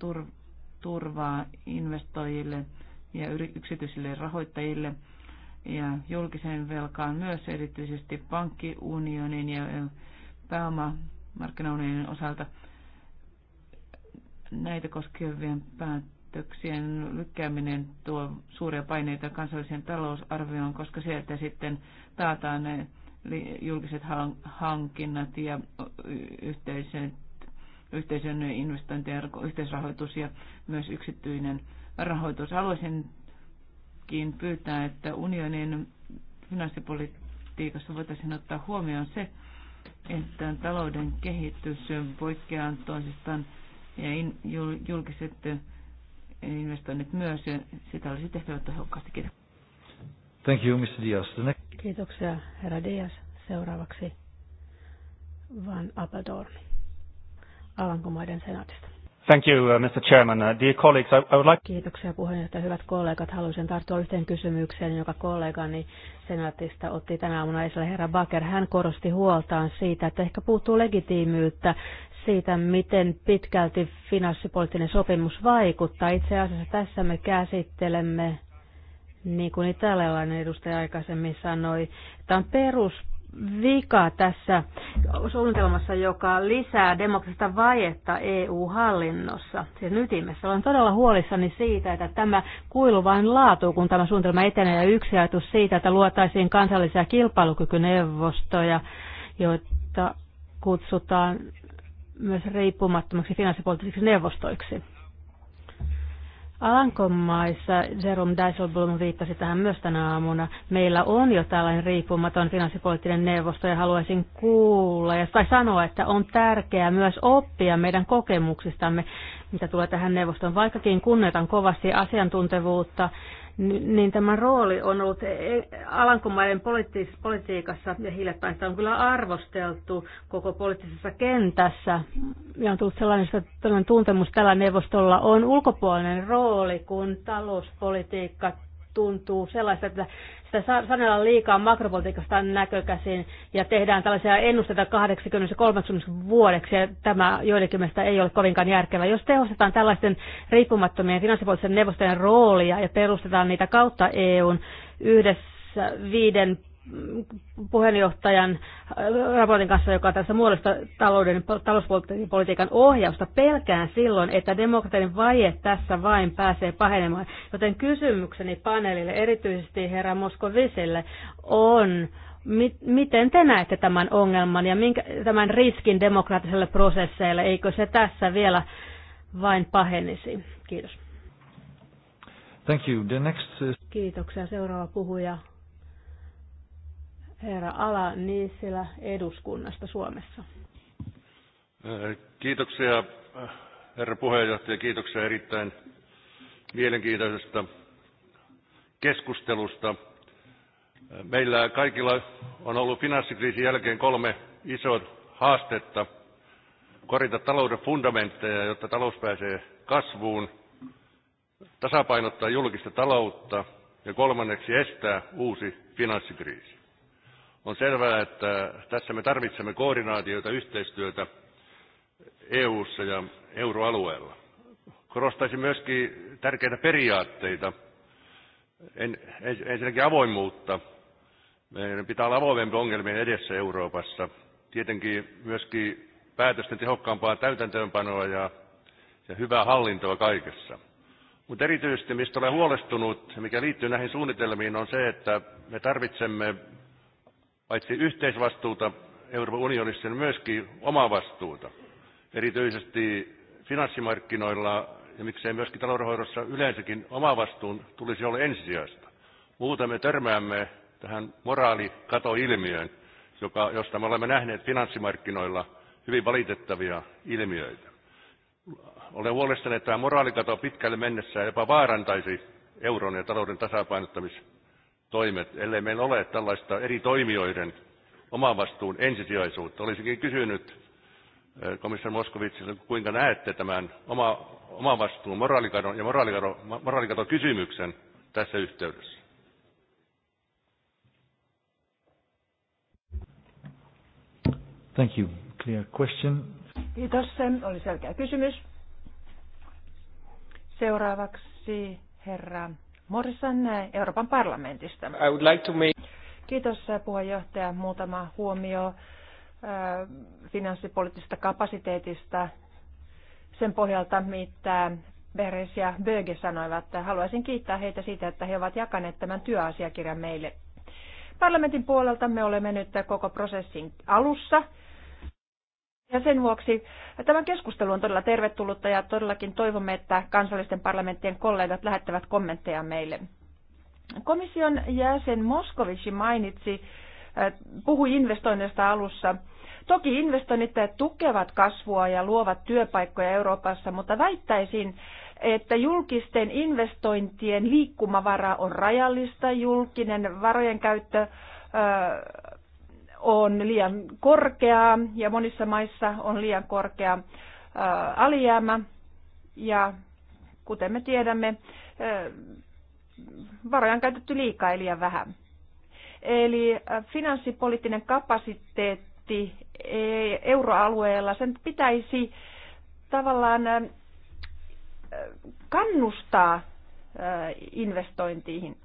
turvaa investoijille ja yksityisille rahoittajille ja julkiseen velkaan myös erityisesti pankkiunionin ja pääomamarkkinaunionin osalta näitä koskevien päätöksien lykkääminen tuo suuria paineita kansalliseen talousarvioon, koska sieltä sitten taataan ne julkiset hankinnat ja yhteiset yhteisön investointi- ja yhteisrahoitus ja myös yksityinen rahoitus. Haluaisinkin pyytää, että unionin finanssipolitiikassa voitaisiin ottaa huomioon se, että talouden kehitys poikkeaa toisistaan ja julkiset investoinnit myös. Sitä olisi tehtävä tehokkaasti. Kiitos. Thank you, Mr. Diaz. next... Kiitoksia, herra Diaz. Seuraavaksi Van Appeldorni. Alankomaiden senaatista. Thank you, uh, Mr. Chairman. Uh, dear colleagues, I would like... Kiitoksia puheenjohtaja. Hyvät kollegat, haluaisin tarttua yhteen kysymykseen, joka kollegani senaatista otti tänä aamuna esille herra Baker. Hän korosti huoltaan siitä, että ehkä puuttuu legitiimyyttä siitä, miten pitkälti finanssipoliittinen sopimus vaikuttaa. Itse asiassa tässä me käsittelemme, niin kuin italialainen edustaja aikaisemmin sanoi, tämä on perus vika tässä suunnitelmassa, joka lisää demokratista vajetta EU-hallinnossa, siis nyt ihmessä Olen todella huolissani siitä, että tämä kuilu vain laatuu, kun tämä suunnitelma etenee, ja yksi ajatus siitä, että luotaisiin kansallisia kilpailukykyneuvostoja, joita kutsutaan myös riippumattomaksi finanssipoliittisiksi neuvostoiksi. Alankomaissa, Jerome Dijsselbloem viittasi tähän myös tänä aamuna, meillä on jo tällainen riippumaton finanssipoliittinen neuvosto ja haluaisin kuulla ja tai sanoa, että on tärkeää myös oppia meidän kokemuksistamme, mitä tulee tähän neuvostoon. Vaikkakin kunnetan kovasti asiantuntevuutta, niin tämä rooli on ollut e- e- Alankomaiden politi- politiikassa ja hiljattain sitä on kyllä arvosteltu koko poliittisessa kentässä. Ja on tullut sellainen, sellainen tuntemus, että tällä neuvostolla on ulkopuolinen rooli, kun talouspolitiikka tuntuu sellaista, että sitä sanellaan liikaa makropolitiikasta näkökäsin ja tehdään tällaisia ennusteita 80-30 vuodeksi ja tämä joidenkin mielestä ei ole kovinkaan järkevää. Jos tehostetaan tällaisten riippumattomien finanssipoliittisen neuvostojen roolia ja perustetaan niitä kautta EUn yhdessä viiden puheenjohtajan äh, raportin kanssa, joka on tässä muodosta talouden, talouspolitiikan ohjausta, pelkään silloin, että demokratian vaje tässä vain pääsee pahenemaan. Joten kysymykseni paneelille, erityisesti herra Moskovisille, on, mit, miten te näette tämän ongelman ja minkä, tämän riskin demokraattiselle prosesseille? Eikö se tässä vielä vain pahenisi? Kiitos. Thank you. The next... Kiitoksia. Seuraava puhuja herra Ala Niisilä eduskunnasta Suomessa. Äh, kiitoksia äh, herra puheenjohtaja, kiitoksia erittäin mielenkiintoisesta keskustelusta. Äh, meillä kaikilla on ollut finanssikriisin jälkeen kolme isoa haastetta. Korjata talouden fundamentteja, jotta talous pääsee kasvuun, tasapainottaa julkista taloutta ja kolmanneksi estää uusi finanssikriisi. On selvää, että tässä me tarvitsemme koordinaatioita yhteistyötä EU:ssa ja euroalueella. Korostaisin myöskin tärkeitä periaatteita. Ensinnäkin avoimuutta. Meidän pitää olla avoimempi ongelmien edessä Euroopassa. Tietenkin myöskin päätösten tehokkaampaa täytäntöönpanoa ja, ja hyvää hallintoa kaikessa. Mutta erityisesti, mistä olen huolestunut, mikä liittyy näihin suunnitelmiin, on se, että me tarvitsemme paitsi yhteisvastuuta Euroopan unionissa, niin myöskin omaa vastuuta, erityisesti finanssimarkkinoilla ja miksei myöskin taloudenhoidossa yleensäkin vastuun tulisi olla ensisijaista. Muuten me törmäämme tähän moraalikatoilmiöön, joka, josta me olemme nähneet finanssimarkkinoilla hyvin valitettavia ilmiöitä. Olen huolestunut, että tämä moraalikato pitkälle mennessä jopa vaarantaisi euron ja talouden tasapainottamis- toimet, ellei meillä ole tällaista eri toimijoiden oman vastuun ensisijaisuutta. Olisinkin kysynyt eh, komissaari Moskovitsille, kuinka näette tämän oma, oman vastuun moraalikadon ja moraalikato, kysymyksen tässä yhteydessä? Thank you. Clear question. Kiitos. Se oli selkeä kysymys. Seuraavaksi herra Morrison Euroopan parlamentista. I would like to make... Kiitos puheenjohtaja. Muutama huomio äh, finanssipoliittisesta kapasiteetista sen pohjalta, mitä Beres ja Böge sanoivat. Haluaisin kiittää heitä siitä, että he ovat jakaneet tämän työasiakirjan meille. Parlamentin puolelta me olemme nyt koko prosessin alussa ja sen vuoksi tämä keskustelu on todella tervetullutta ja todellakin toivomme, että kansallisten parlamenttien kollegat lähettävät kommentteja meille. Komission jäsen Moskovici mainitsi, äh, puhui investoinneista alussa. Toki investoinnit tukevat kasvua ja luovat työpaikkoja Euroopassa, mutta väittäisin, että julkisten investointien liikkumavara on rajallista, julkinen varojen käyttö äh, on liian korkea ja monissa maissa on liian korkea äh, alijäämä. Ja kuten me tiedämme, äh, varoja on käytetty liikaa ja liian vähän. Eli äh, finanssipoliittinen kapasiteetti e-, euroalueella, sen pitäisi tavallaan kannustaa investointiin.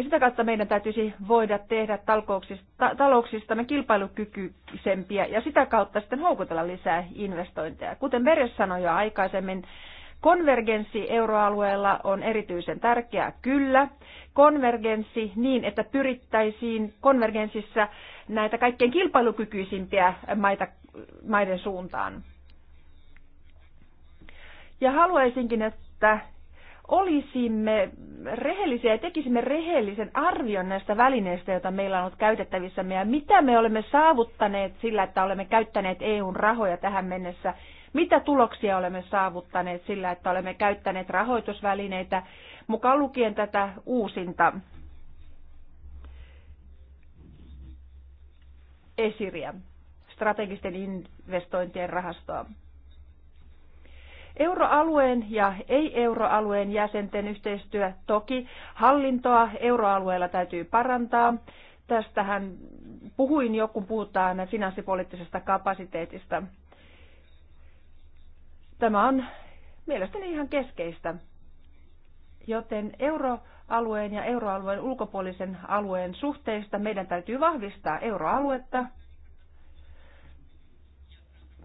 Ja sitä kautta meidän täytyisi voida tehdä talouksista, talouksistamme kilpailukykyisempiä ja sitä kautta sitten houkutella lisää investointeja. Kuten Merja sanoi jo aikaisemmin, Konvergenssi euroalueella on erityisen tärkeää, kyllä. Konvergenssi niin, että pyrittäisiin konvergenssissa näitä kaikkein kilpailukykyisimpiä maita, maiden suuntaan. Ja haluaisinkin, että olisimme rehellisiä ja tekisimme rehellisen arvion näistä välineistä, joita meillä on ollut käytettävissämme ja mitä me olemme saavuttaneet sillä, että olemme käyttäneet EUn rahoja tähän mennessä, mitä tuloksia olemme saavuttaneet sillä, että olemme käyttäneet rahoitusvälineitä, mukaan lukien tätä uusinta esiriä, strategisten investointien rahastoa. Euroalueen ja ei-euroalueen jäsenten yhteistyö toki. Hallintoa euroalueella täytyy parantaa. Tästähän puhuin jo, kun puhutaan finanssipoliittisesta kapasiteetista. Tämä on mielestäni ihan keskeistä. Joten euroalueen ja euroalueen ulkopuolisen alueen suhteista meidän täytyy vahvistaa euroaluetta.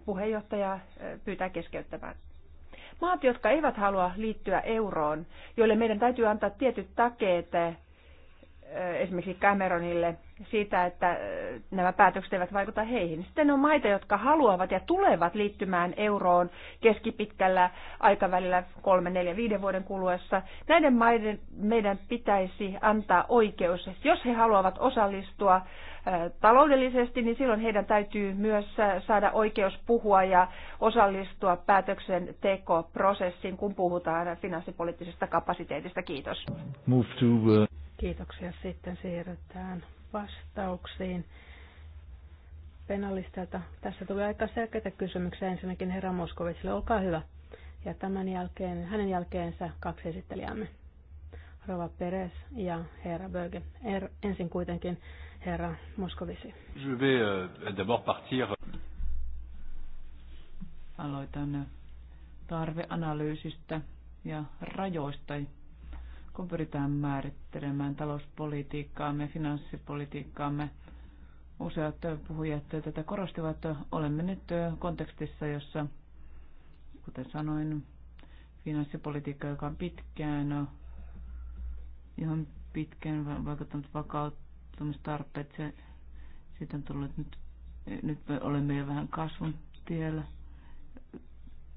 Puheenjohtaja eh, pyytää keskeyttämään. Maat, jotka eivät halua liittyä euroon, joille meidän täytyy antaa tietyt takeet esimerkiksi Cameronille siitä, että nämä päätökset eivät vaikuta heihin. Sitten on maita, jotka haluavat ja tulevat liittymään euroon keskipitkällä aikavälillä 3, 4, 5 vuoden kuluessa. Näiden maiden meidän pitäisi antaa oikeus. Jos he haluavat osallistua taloudellisesti, niin silloin heidän täytyy myös saada oikeus puhua ja osallistua päätöksentekoprosessiin, kun puhutaan finanssipoliittisesta kapasiteetista. Kiitos. Move to, uh... Kiitoksia. Sitten siirrytään vastauksiin penalistilta. Tässä tuli aika selkeitä kysymyksiä ensinnäkin herra Moskovitsille. Olkaa hyvä. Ja tämän jälkeen, hänen jälkeensä kaksi esittelijäämme. Rova Perez ja herra Böge. Er, ensin kuitenkin herra Moskovisi. Je vais euh, partir. Aloitan tarveanalyysistä ja rajoista, kun pyritään määrittelemään talouspolitiikkaamme, finanssipolitiikkaamme. Useat puhujat tätä korostivat. Olemme nyt kontekstissa, jossa, kuten sanoin, finanssipolitiikka, joka on pitkään, johon pitkään vaikuttanut vakauttamistarpeet, se, siitä on tullut nyt, nyt olemme jo vähän kasvun tiellä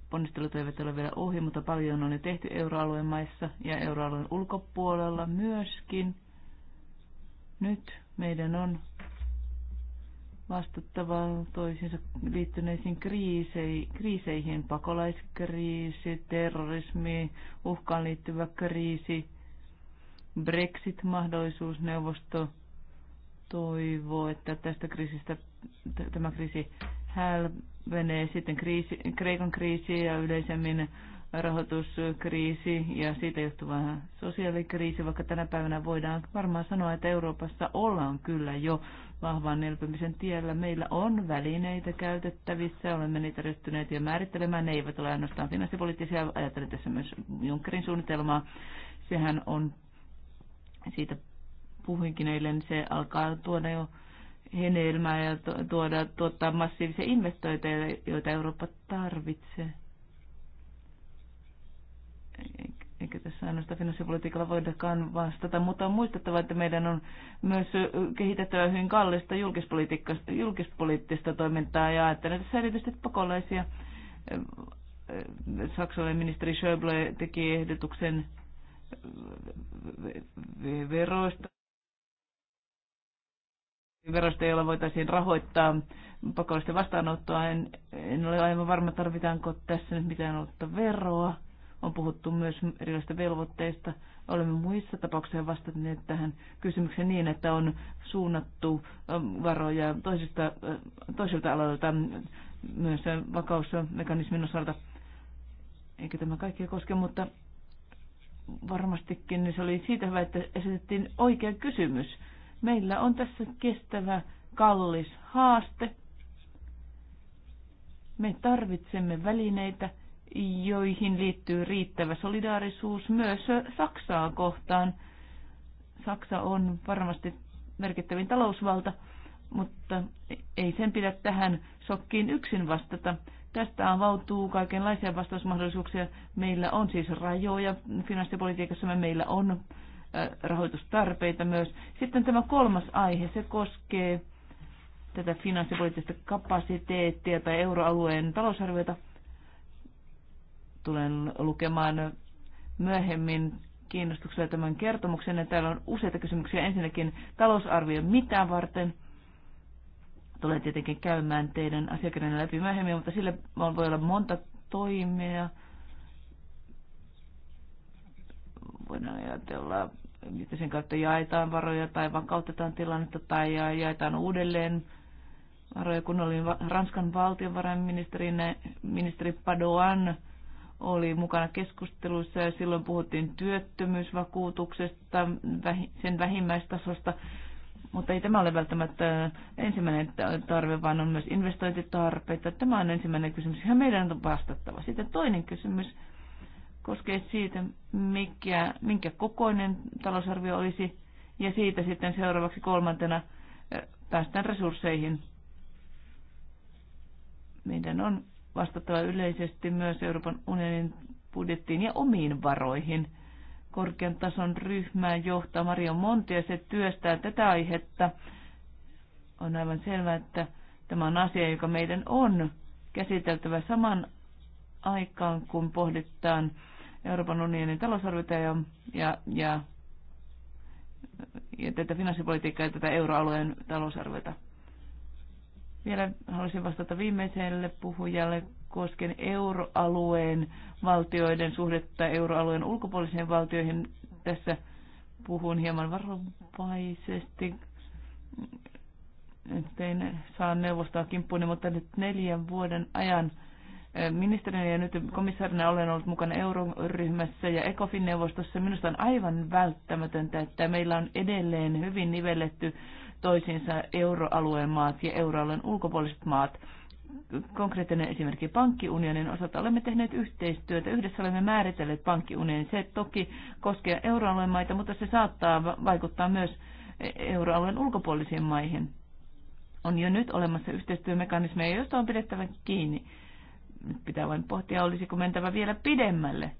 Ponnistelut eivät ole vielä ohi, mutta paljon on jo tehty euroalueen maissa ja euroalueen ulkopuolella myöskin. Nyt meidän on vastattava toisiinsa liittyneisiin kriisei, kriiseihin, pakolaiskriisi, terrorismi, uhkaan liittyvä kriisi, brexit mahdollisuus, neuvosto toivoo, että tästä kriisistä tämä kriisi häl, menee sitten kriisi, Kreikan kriisi ja yleisemmin rahoituskriisi ja siitä johtuva sosiaalikriisi, vaikka tänä päivänä voidaan varmaan sanoa, että Euroopassa ollaan kyllä jo vahvan elpymisen tiellä. Meillä on välineitä käytettävissä, olemme niitä ryhtyneet jo määrittelemään. Ne eivät ole ainoastaan finanssipoliittisia, ajattelen tässä myös Junckerin suunnitelmaa. Sehän on, siitä puhuinkin eilen, se alkaa tuoda jo hedelmää ja tuoda, tuottaa massiivisia investointeja, joita Eurooppa tarvitsee. Eikä tässä ainoastaan finanssipolitiikalla voidakaan vastata, mutta on muistettava, että meidän on myös kehitettävä hyvin kallista julkispoliittista toimintaa ja ajattelen tässä erityisesti pakolaisia. Saksalainen ministeri Schäuble teki ehdotuksen veroista verosta, jolla voitaisiin rahoittaa pakollisten vastaanottoa. En, en ole aivan varma, tarvitaanko tässä nyt mitään uutta veroa. On puhuttu myös erilaisista velvoitteista. Olemme muissa tapauksissa vastanneet tähän kysymykseen niin, että on suunnattu ähm, varoja toisista, äh, toisilta aloilta äh, myös vakausmekanismin osalta. Eikä tämä kaikkea koske, mutta varmastikin niin se oli siitä hyvä, että esitettiin oikea kysymys Meillä on tässä kestävä, kallis haaste. Me tarvitsemme välineitä, joihin liittyy riittävä solidaarisuus myös Saksaa kohtaan. Saksa on varmasti merkittävin talousvalta, mutta ei sen pidä tähän sokkiin yksin vastata. Tästä avautuu kaikenlaisia vastausmahdollisuuksia. Meillä on siis rajoja finanssipolitiikassa, meillä on rahoitustarpeita myös. Sitten tämä kolmas aihe, se koskee tätä finanssipoliittista kapasiteettia tai euroalueen talousarviota. Tulen lukemaan myöhemmin kiinnostuksella tämän kertomuksen. Ja täällä on useita kysymyksiä. Ensinnäkin talousarvio mitä varten. Tulee tietenkin käymään teidän asiakirjan läpi myöhemmin, mutta sillä voi olla monta toimia voidaan ajatella, että sen kautta jaetaan varoja tai vakautetaan tilannetta tai jaetaan uudelleen varoja. Kun olin Ranskan valtionvarainministerinä, ministeri Padoan oli mukana keskusteluissa ja silloin puhuttiin työttömyysvakuutuksesta, sen vähimmäistasosta, mutta ei tämä ole välttämättä ensimmäinen tarve, vaan on myös investointitarpeita. Tämä on ensimmäinen kysymys, ihan meidän on vastattava. Sitten toinen kysymys koskee siitä, mikä, minkä kokoinen talousarvio olisi, ja siitä sitten seuraavaksi kolmantena päästään resursseihin. Meidän on vastattava yleisesti myös Euroopan unionin budjettiin ja omiin varoihin. Korkean tason ryhmää johtaa Mario Monti ja se työstää tätä aihetta. On aivan selvää, että tämä on asia, joka meidän on käsiteltävä saman aikaan, kun pohditaan Euroopan unionin talousarviota ja, ja, ja, ja tätä finanssipolitiikkaa ja tätä euroalueen talousarviota. Vielä haluaisin vastata viimeiselle puhujalle koskien euroalueen valtioiden suhdetta euroalueen ulkopuolisiin valtioihin. Tässä puhun hieman varovaisesti. Tein saan neuvostaa kimppuuni, mutta nyt neljän vuoden ajan – ministerinä ja nyt komissaarina olen ollut mukana euroryhmässä ja ECOFIN-neuvostossa. Minusta on aivan välttämätöntä, että meillä on edelleen hyvin nivelletty toisiinsa euroalueen maat ja euroalueen ulkopuoliset maat. Konkreettinen esimerkki pankkiunionin osalta olemme tehneet yhteistyötä. Yhdessä olemme määritelleet pankkiunionin. Se toki koskee euroalueen maita, mutta se saattaa vaikuttaa myös euroalueen ulkopuolisiin maihin. On jo nyt olemassa yhteistyömekanismeja, joista on pidettävä kiinni pitää vain pohtia, olisiko mentävä vielä pidemmälle.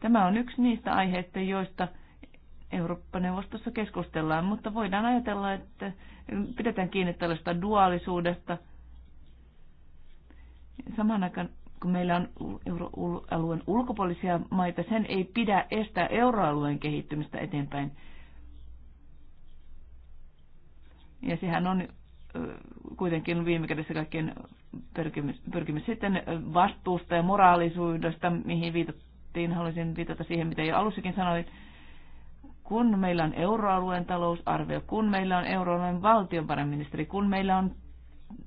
Tämä on yksi niistä aiheista, joista Eurooppa-neuvostossa keskustellaan, mutta voidaan ajatella, että pidetään kiinni tällaista duaalisuudesta. Samaan aikaan, kun meillä on euroalueen ulkopuolisia maita, sen ei pidä estää euroalueen kehittymistä eteenpäin. Ja sehän on kuitenkin viime kädessä kaikkien pyrkimys, pyrkimys sitten vastuusta ja moraalisuudesta, mihin viitattiin, haluaisin viitata siihen, mitä jo alussakin sanoin, kun meillä on euroalueen talousarvio, kun meillä on euroalueen valtionvarainministeri, kun meillä on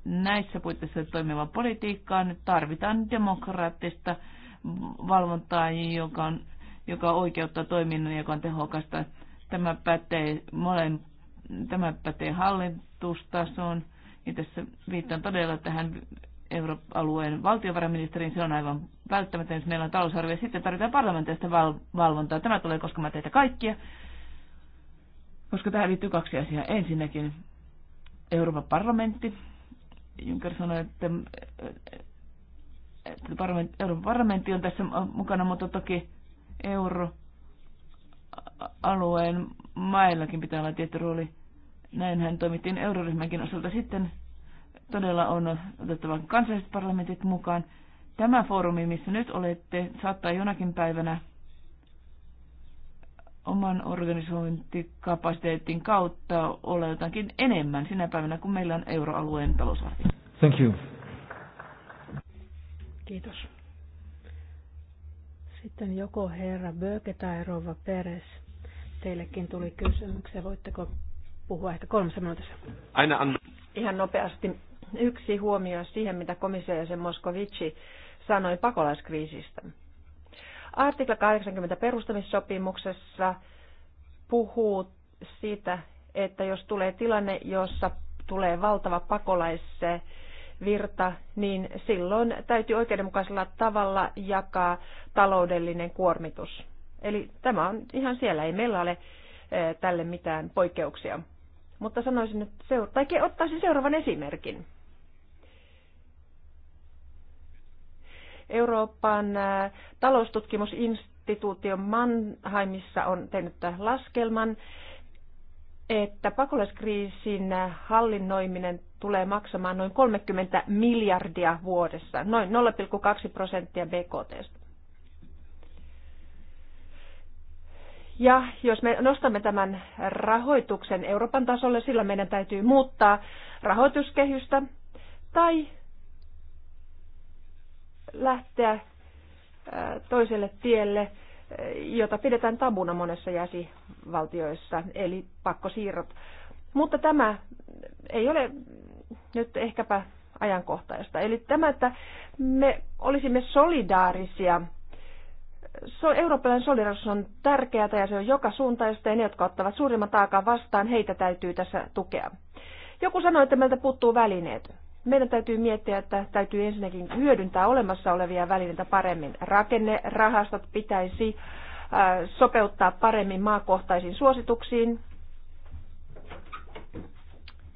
näissä puitteissa toimiva politiikkaa, nyt tarvitaan demokraattista valvontaa, joka, on, joka oikeuttaa toiminnan, joka on tehokasta. Tämä pätee, molemmat, tämä pätee hallitustasoon, niin tässä viittaan todella tähän Euroopan valtiovarainministeriin. Se on aivan välttämätön, jos meillä on talousarvio. Sitten tarvitaan parlamentaista val- valvontaa. Tämä tulee koskemaan teitä kaikkia, koska tähän liittyy kaksi asiaa. Ensinnäkin Euroopan parlamentti. Juncker sanoi, että, että parlament, Euroopan parlamentti on tässä mukana, mutta toki euro alueen maillakin pitää olla tietty rooli. Näinhän toimittiin euroryhmänkin osalta sitten. Todella on otettava kansalliset parlamentit mukaan. Tämä foorumi, missä nyt olette, saattaa jonakin päivänä oman organisointikapasiteetin kautta olla jotakin enemmän sinä päivänä, kun meillä on euroalueen talousarvio. Thank you. Kiitos. Sitten joko herra Böke tai Rova Peres. Teillekin tuli kysymyksiä. Voitteko puhua ehkä kolmessa minuutissa. Aina an... Ihan nopeasti yksi huomio siihen, mitä komissio ja sen Moskovici sanoi pakolaiskriisistä. Artikla 80 perustamissopimuksessa puhuu siitä, että jos tulee tilanne, jossa tulee valtava pakolaisvirta, niin silloin täytyy oikeudenmukaisella tavalla jakaa taloudellinen kuormitus. Eli tämä on ihan siellä, ei meillä ole eh, tälle mitään poikkeuksia. Mutta sanoisin että seura- tai ottaisin seuraavan esimerkin. Euroopan taloustutkimusinstituutio Mannheimissa on tehnyt laskelman, että pakolaiskriisin hallinnoiminen tulee maksamaan noin 30 miljardia vuodessa, noin 0,2 prosenttia BKT. Ja jos me nostamme tämän rahoituksen Euroopan tasolle, silloin meidän täytyy muuttaa rahoituskehystä tai lähteä äh, toiselle tielle, äh, jota pidetään tabuna monessa jäsivaltioissa, eli pakkosiirrot. Mutta tämä ei ole nyt ehkäpä ajankohtaista. Eli tämä, että me olisimme solidaarisia so, eurooppalainen solidarisuus on tärkeää ja se on joka suuntaista ja ne, jotka ottavat suurimman taakan vastaan, heitä täytyy tässä tukea. Joku sanoi, että meiltä puuttuu välineet. Meidän täytyy miettiä, että täytyy ensinnäkin hyödyntää olemassa olevia välineitä paremmin. Rakennerahastot pitäisi äh, sopeuttaa paremmin maakohtaisiin suosituksiin.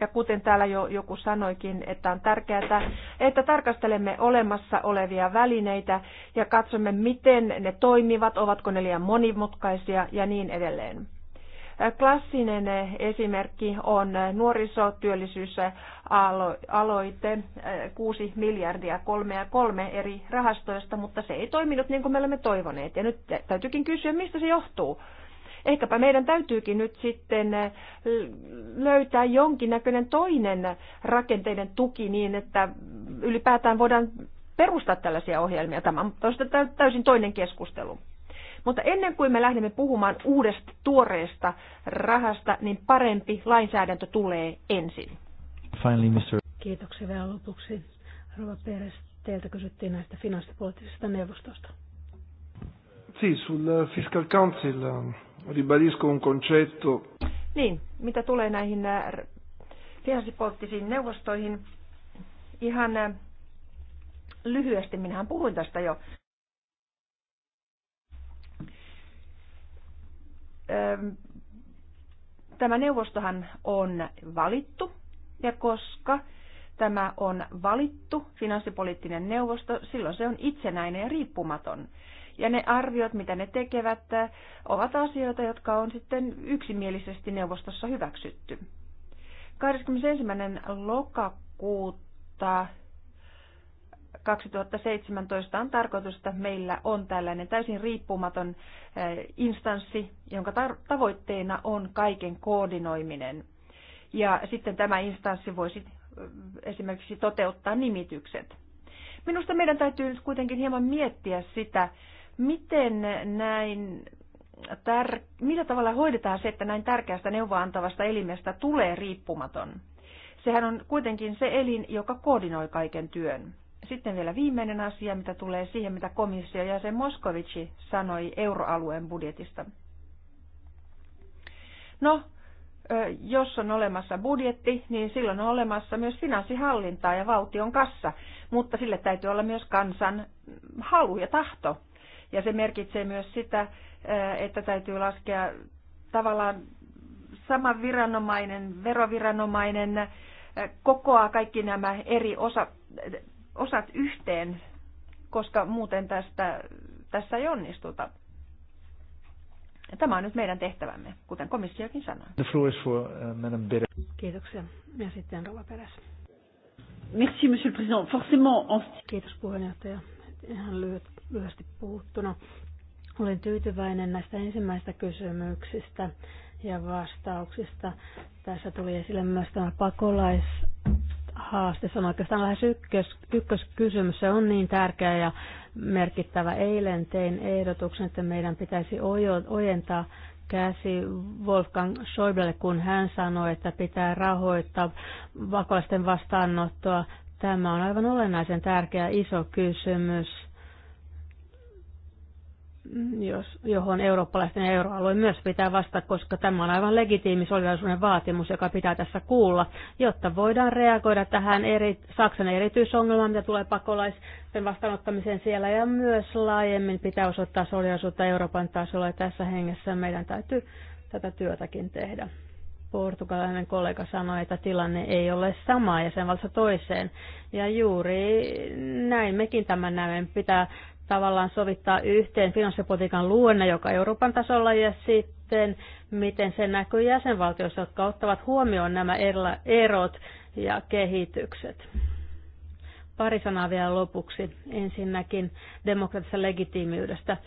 Ja kuten täällä jo joku sanoikin, että on tärkeää, että tarkastelemme olemassa olevia välineitä ja katsomme, miten ne toimivat, ovatko ne liian monimutkaisia ja niin edelleen. Klassinen esimerkki on nuorisotyöllisyysaloite, 6 miljardia kolme ja kolme eri rahastoista, mutta se ei toiminut niin kuin me olemme toivoneet. Ja nyt täytyykin kysyä, mistä se johtuu. Ehkäpä meidän täytyykin nyt sitten eh, löytää jonkinnäköinen toinen rakenteiden tuki niin, että ylipäätään voidaan perustaa tällaisia ohjelmia. Tämä on täysin toinen keskustelu. Mutta ennen kuin me lähdemme puhumaan uudesta tuoreesta rahasta, niin parempi lainsäädäntö tulee ensin. Finally, Mr. Kiitoksia vielä lopuksi. Rova Peres, teiltä kysyttiin näistä finanssipoliittisista neuvostosta. Siis sul eh, Fiscal Council ehm, ribadisco un concetto. Niin, mitä tulee näihin äh, finanssipoliittisiin neuvostoihin, ihan äh, lyhyesti, minähän puhuin tästä jo. Tämä neuvostohan on valittu, ja koska tämä on valittu finanssipoliittinen neuvosto, silloin se on itsenäinen ja riippumaton. Ja ne arviot, mitä ne tekevät, ovat asioita, jotka on sitten yksimielisesti neuvostossa hyväksytty. 21. lokakuuta 2017 on tarkoitus, että meillä on tällainen täysin riippumaton eh, instanssi, jonka tavoitteena on kaiken koordinoiminen. Ja sitten tämä instanssi voisi eh, esimerkiksi toteuttaa nimitykset. Minusta meidän täytyy nyt kuitenkin hieman miettiä sitä, Miten näin tär, millä tavalla hoidetaan se, että näin tärkeästä neuvoa antavasta elimestä tulee riippumaton? Sehän on kuitenkin se elin, joka koordinoi kaiken työn. Sitten vielä viimeinen asia, mitä tulee siihen, mitä komissio jäsen Moskovici sanoi euroalueen budjetista. No, jos on olemassa budjetti, niin silloin on olemassa myös finanssihallintaa ja valtion kassa, mutta sille täytyy olla myös kansan halu ja tahto ja se merkitsee myös sitä, että täytyy laskea tavallaan sama viranomainen, veroviranomainen, kokoaa kaikki nämä eri osa, osat yhteen, koska muuten tästä, tässä ei onnistuta. Ja tämä on nyt meidän tehtävämme, kuten komissiokin sanoo. The floor is for, uh, Madame Kiitoksia. Ja sitten Rova Peres. Merci, Monsieur le Président. Forcément, en... Kiitos puheenjohtaja. Ihan lyhyt lyhyesti puhuttuna. Olen tyytyväinen näistä ensimmäistä kysymyksistä ja vastauksista. Tässä tuli esille myös tämä pakolaishaaste. Se on oikeastaan lähes ykkös, ykköskysymys. Se on niin tärkeä ja merkittävä. Eilen tein ehdotuksen, että meidän pitäisi ojentaa käsi Wolfgang Schäublelle, kun hän sanoi, että pitää rahoittaa pakolaisten vastaanottoa. Tämä on aivan olennaisen tärkeä iso kysymys jos, johon eurooppalaisten ja euroalueen myös pitää vastata, koska tämä on aivan legitiimi solidaisuuden vaatimus, joka pitää tässä kuulla, jotta voidaan reagoida tähän eri, Saksan erityisongelmaan, mitä tulee pakolaisten vastaanottamiseen siellä, ja myös laajemmin pitää osoittaa solidaisuutta Euroopan tasolla, ja tässä hengessä meidän täytyy tätä työtäkin tehdä. Portugalainen kollega sanoi, että tilanne ei ole sama ja jäsenvaltiossa toiseen. Ja juuri näin mekin tämän näemme. Pitää tavallaan sovittaa yhteen finanssipolitiikan luonne, joka Euroopan tasolla, ja sitten miten se näkyy jäsenvaltioissa, jotka ottavat huomioon nämä erot ja kehitykset. Pari sanaa vielä lopuksi. Ensinnäkin demokratisesta legitiimiydestä.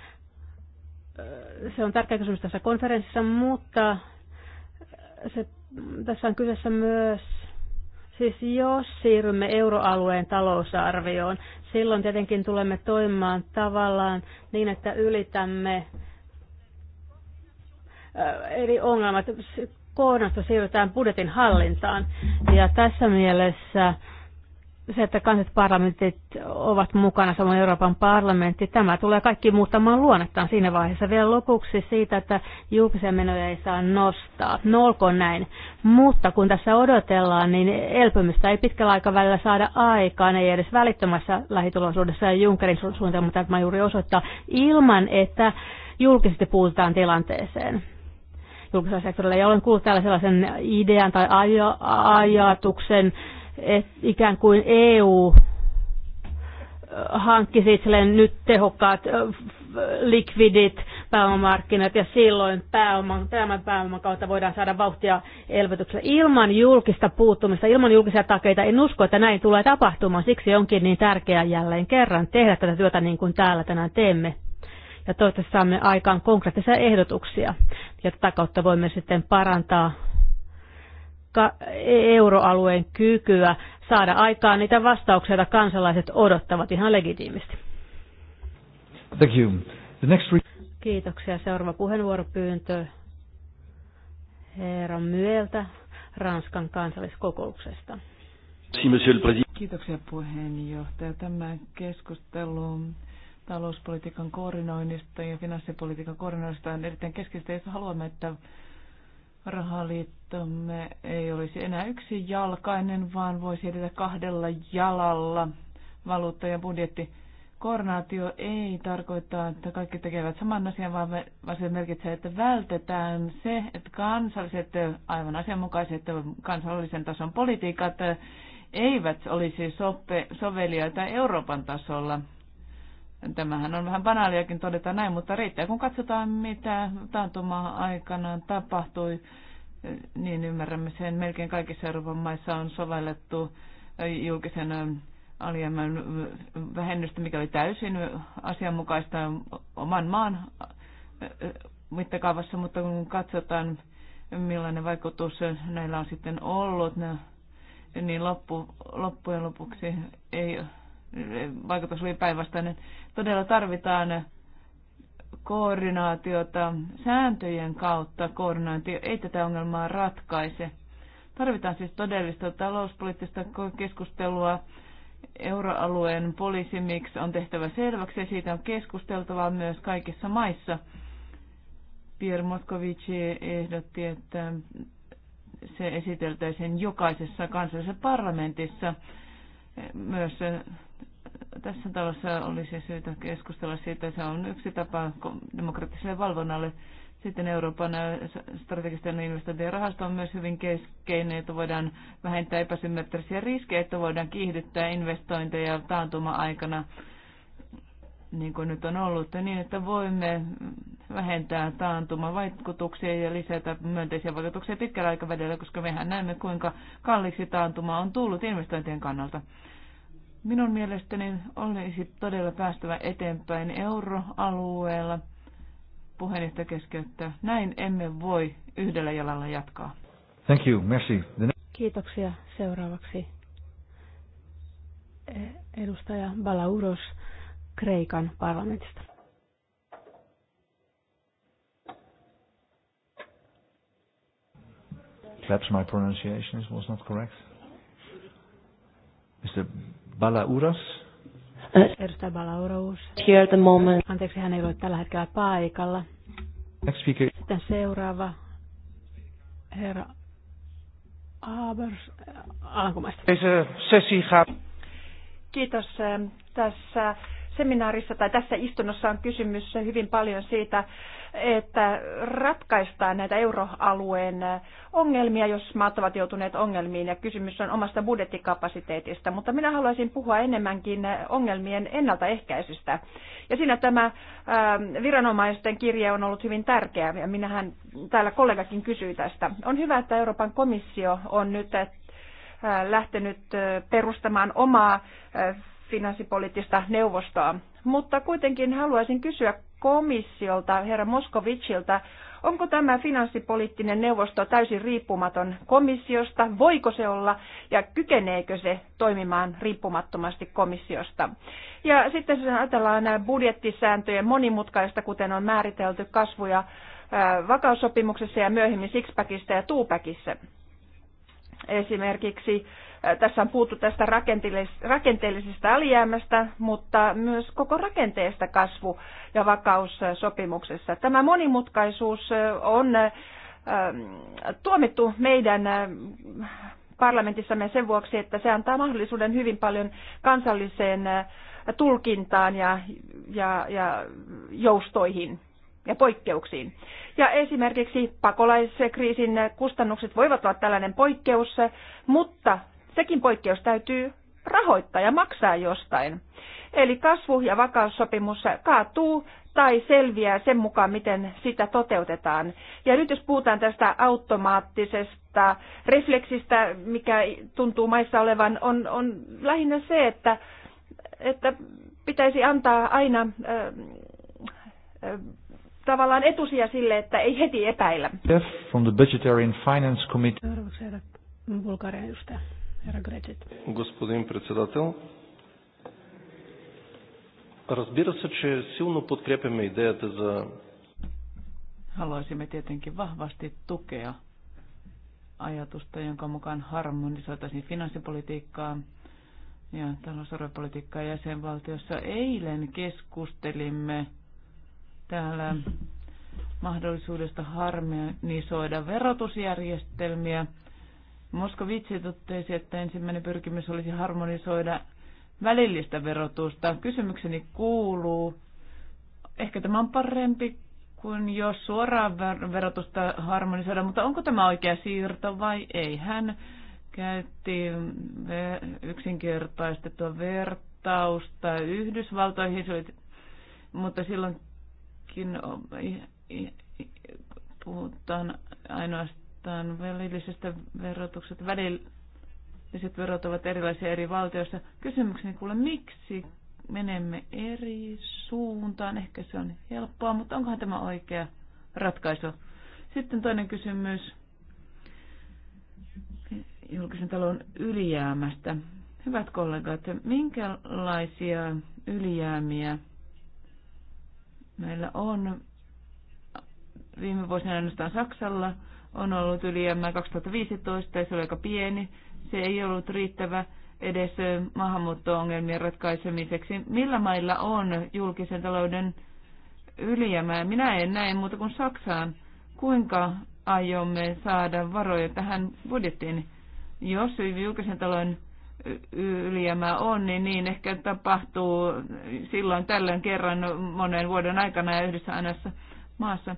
Se on tärkeä kysymys tässä konferenssissa, mutta se, tässä on kyseessä myös Siis jos siirrymme euroalueen talousarvioon, silloin tietenkin tulemme toimimaan tavallaan niin, että ylitämme äh, eri ongelmat. Koonasta siirrytään budjetin hallintaan. Ja tässä mielessä se, että kansalliset parlamentit ovat mukana, samoin Euroopan parlamentti, tämä tulee kaikki muuttamaan luonnettaan siinä vaiheessa. Vielä lopuksi siitä, että julkisia menoja ei saa nostaa. No olkoon näin. Mutta kun tässä odotellaan, niin elpymistä ei pitkällä aikavälillä saada aikaan, ei edes välittömässä lähitulosuudessa ja Junckerin suunnitelma tämä juuri osoittaa, ilman että julkisesti puututaan tilanteeseen julkisella sektorilla. Ja olen kuullut täällä sellaisen idean tai aj- ajatuksen, että ikään kuin EU äh, hankkisi itselleen nyt tehokkaat äh, likvidit pääomamarkkinat ja silloin pääoman, tämän pääoman kautta voidaan saada vauhtia elvytyksellä. Ilman julkista puuttumista, ilman julkisia takeita en usko, että näin tulee tapahtumaan. Siksi onkin niin tärkeää jälleen kerran tehdä tätä työtä niin kuin täällä tänään teemme. Ja toivottavasti saamme aikaan konkreettisia ehdotuksia ja tätä kautta voimme sitten parantaa euroalueen kykyä saada aikaan niitä vastauksia, joita kansalaiset odottavat ihan legitiimisti. Thank you. The next Kiitoksia. Seuraava puheenvuoropyyntö herra Myeltä Ranskan kansalliskokouksesta. Kiitoksia puheenjohtaja. Tämä keskustelu talouspolitiikan koordinoinnista ja finanssipolitiikan koordinoinnista on erittäin keskeistä, jos haluamme, että rahaliittomme ei olisi enää yksi jalkainen, vaan voisi edetä kahdella jalalla. Valuutta ja budjetti. Koordinaatio ei tarkoita, että kaikki tekevät saman asian, vaan se merkitsee, että vältetään se, että kansalliset, aivan asianmukaiset kansallisen tason politiikat eivät olisi sope, soveliaita Euroopan tasolla – Tämähän on vähän banaaliakin todeta näin, mutta riittää kun katsotaan, mitä taantuma-aikana tapahtui, niin ymmärrämme sen. Melkein kaikissa Euroopan maissa on sovellettu julkisen alijäämän vähennystä, mikä oli täysin asianmukaista oman maan mittakaavassa, mutta kun katsotaan, millainen vaikutus näillä on sitten ollut, niin loppu, loppujen lopuksi ei vaikutus oli päinvastainen. Todella tarvitaan koordinaatiota sääntöjen kautta. Koordinaatio ei tätä ongelmaa ratkaise. Tarvitaan siis todellista talouspoliittista keskustelua. Euroalueen poliisimiksi on tehtävä selväksi ja siitä on keskusteltava myös kaikissa maissa. Pierre Moskovici ehdotti, että se esiteltäisiin jokaisessa kansallisessa parlamentissa myös tässä talossa olisi syytä keskustella siitä. Se on yksi tapa demokraattiselle valvonnalle. Sitten Euroopan strategisten investointien rahasto on myös hyvin keskeinen, että voidaan vähentää epäsymmetrisiä riskejä, että voidaan kiihdyttää investointeja taantuma-aikana, niin kuin nyt on ollut, niin että voimme vähentää taantumavaikutuksia ja lisätä myönteisiä vaikutuksia pitkällä aikavälillä, koska mehän näemme, kuinka kalliiksi taantuma on tullut investointien kannalta. Minun mielestäni olisi todella päästävä eteenpäin euroalueella puheenjohtaja keskeyttää. Näin emme voi yhdellä jalalla jatkaa. Thank you. Merci. The... Kiitoksia. Seuraavaksi eh, edustaja Balauros Kreikan parlamentista. Perhaps my pronunciation was not correct. Mr. Balauros. Äh, Edustaja Balauros. Here at the moment. Anteeksi, hän ei ole tällä hetkellä paikalla. Next speaker. Sitten seuraava herra Abers äh, Alankomaista. Äh, Kiitos. Tässä seminaarissa tai tässä istunnossa on kysymys hyvin paljon siitä, että ratkaistaan näitä euroalueen ongelmia, jos maat ovat joutuneet ongelmiin ja kysymys on omasta budjettikapasiteetista. Mutta minä haluaisin puhua enemmänkin ongelmien ennaltaehkäisystä. Ja siinä tämä ähm, viranomaisten kirje on ollut hyvin tärkeä ja minähän täällä kollegakin kysyi tästä. On hyvä, että Euroopan komissio on nyt äh, lähtenyt äh, perustamaan omaa äh, finanssipoliittista neuvostoa. Mutta kuitenkin haluaisin kysyä komissiolta, herra Moskovicilta, onko tämä finanssipoliittinen neuvosto täysin riippumaton komissiosta, voiko se olla ja kykeneekö se toimimaan riippumattomasti komissiosta. Ja sitten jos ajatellaan nämä budjettisääntöjen monimutkaista, kuten on määritelty kasvuja vakaussopimuksessa ja myöhemmin Sixpackissa ja Tuupäkissä Esimerkiksi tässä on puhuttu tästä rakenteellisesta alijäämästä, mutta myös koko rakenteesta kasvu- ja vakaussopimuksessa. Tämä monimutkaisuus on tuomittu meidän parlamentissamme sen vuoksi, että se antaa mahdollisuuden hyvin paljon kansalliseen tulkintaan ja, ja, ja joustoihin ja poikkeuksiin. Ja esimerkiksi pakolaiskriisin kustannukset voivat olla tällainen poikkeus, mutta sekin poikkeus täytyy rahoittaa ja maksaa jostain. Eli kasvu- ja vakaussopimus kaatuu tai selviää sen mukaan, miten sitä toteutetaan. Ja nyt jos puhutaan tästä automaattisesta refleksistä, mikä tuntuu maissa olevan, on, on lähinnä se, että, että pitäisi antaa aina äh, äh, tavallaan etusija sille, että ei heti epäillä. Jeff from the Budgetary and Finance Committee. Seuraavaksi herra Bulgarian edustaja, herra Grecit. Господин председател, разбира се, че силно подкрепяме идеята за... Haluaisimme tietenkin vahvasti tukea ajatusta, jonka mukaan harmonisoitaisiin finanssipolitiikkaa ja talousarvopolitiikkaa jäsenvaltiossa. Eilen keskustelimme täällä mahdollisuudesta harmonisoida verotusjärjestelmiä. Moskovitsi totesi, että ensimmäinen pyrkimys olisi harmonisoida välillistä verotusta. Kysymykseni kuuluu, ehkä tämä on parempi kuin jos suoraan verotusta harmonisoida, mutta onko tämä oikea siirto vai ei? Hän käytti yksinkertaistettua vertausta Yhdysvaltoihin, mutta silloin Tietenkin eh, eh, puhutaan ainoastaan välillisestä verotuksesta. Välilliset verot ovat erilaisia eri valtioissa. Kysymykseni kuule, miksi menemme eri suuntaan? Ehkä se on helppoa, mutta onkohan tämä oikea ratkaisu? Sitten toinen kysymys julkisen talon ylijäämästä. Hyvät kollegat, minkälaisia ylijäämiä Meillä on viime vuosina ainoastaan Saksalla on ollut ylijäämää 2015 ja se oli aika pieni. Se ei ollut riittävä edes maahanmuutto-ongelmien ratkaisemiseksi. Millä mailla on julkisen talouden ylijäämää? Minä en näe muuta kuin Saksaan. Kuinka aiomme saada varoja tähän budjettiin? Jos julkisen talouden ylijäämää on, niin, niin ehkä tapahtuu silloin tällöin kerran monen vuoden aikana ja yhdessä ainoassa maassa.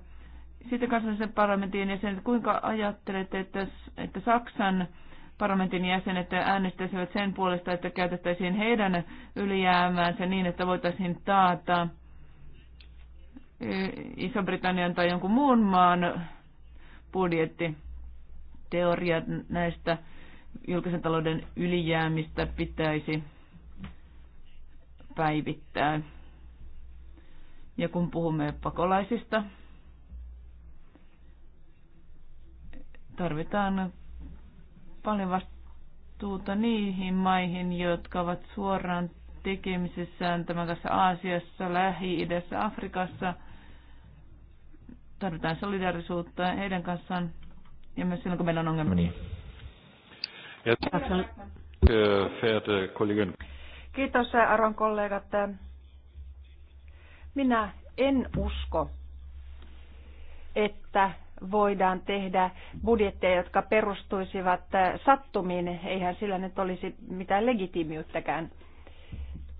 Sitten kansallisen parlamentin jäsenet, kuinka ajattelette, että, että Saksan parlamentin jäsenet äänestäisivät sen puolesta, että käytettäisiin heidän ylijäämäänsä niin, että voitaisiin taata Iso-Britannian tai jonkun muun maan budjettiteoria Teoriat näistä julkisen talouden ylijäämistä pitäisi päivittää. Ja kun puhumme pakolaisista, tarvitaan paljon vastuuta niihin maihin, jotka ovat suoraan tekemisessään tämän kanssa Aasiassa, Lähi-idässä, Afrikassa. Tarvitaan solidaarisuutta heidän kanssaan ja myös silloin, kun meillä on ongelmia. No niin Äh, Kiitos äh, arvon kollegat. Äh, minä en usko, että voidaan tehdä budjetteja, jotka perustuisivat sattumiin. Eihän sillä nyt olisi mitään legitiimiyttäkään.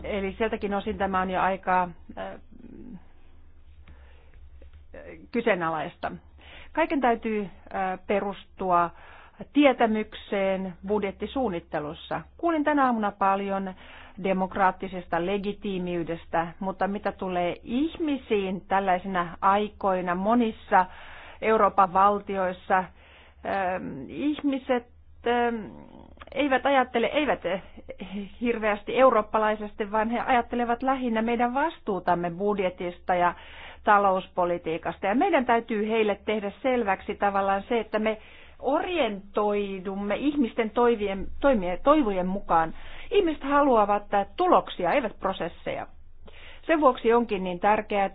Eli sieltäkin osin tämä on jo aika kyseenalaista. Kaiken täytyy perustua tietämykseen budjettisuunnittelussa. Kuulin tänä aamuna paljon demokraattisesta legitiimiydestä, mutta mitä tulee ihmisiin tällaisina aikoina monissa Euroopan valtioissa, ähm, ihmiset ähm, eivät ajattele, eivät äh, hirveästi eurooppalaisesti, vaan he ajattelevat lähinnä meidän vastuutamme budjetista ja talouspolitiikasta. Ja meidän täytyy heille tehdä selväksi tavallaan se, että me orientoidumme ihmisten toivien, toimien, toivojen mukaan. Ihmiset haluavat tuloksia, eivät prosesseja. Sen vuoksi onkin niin tärkeää,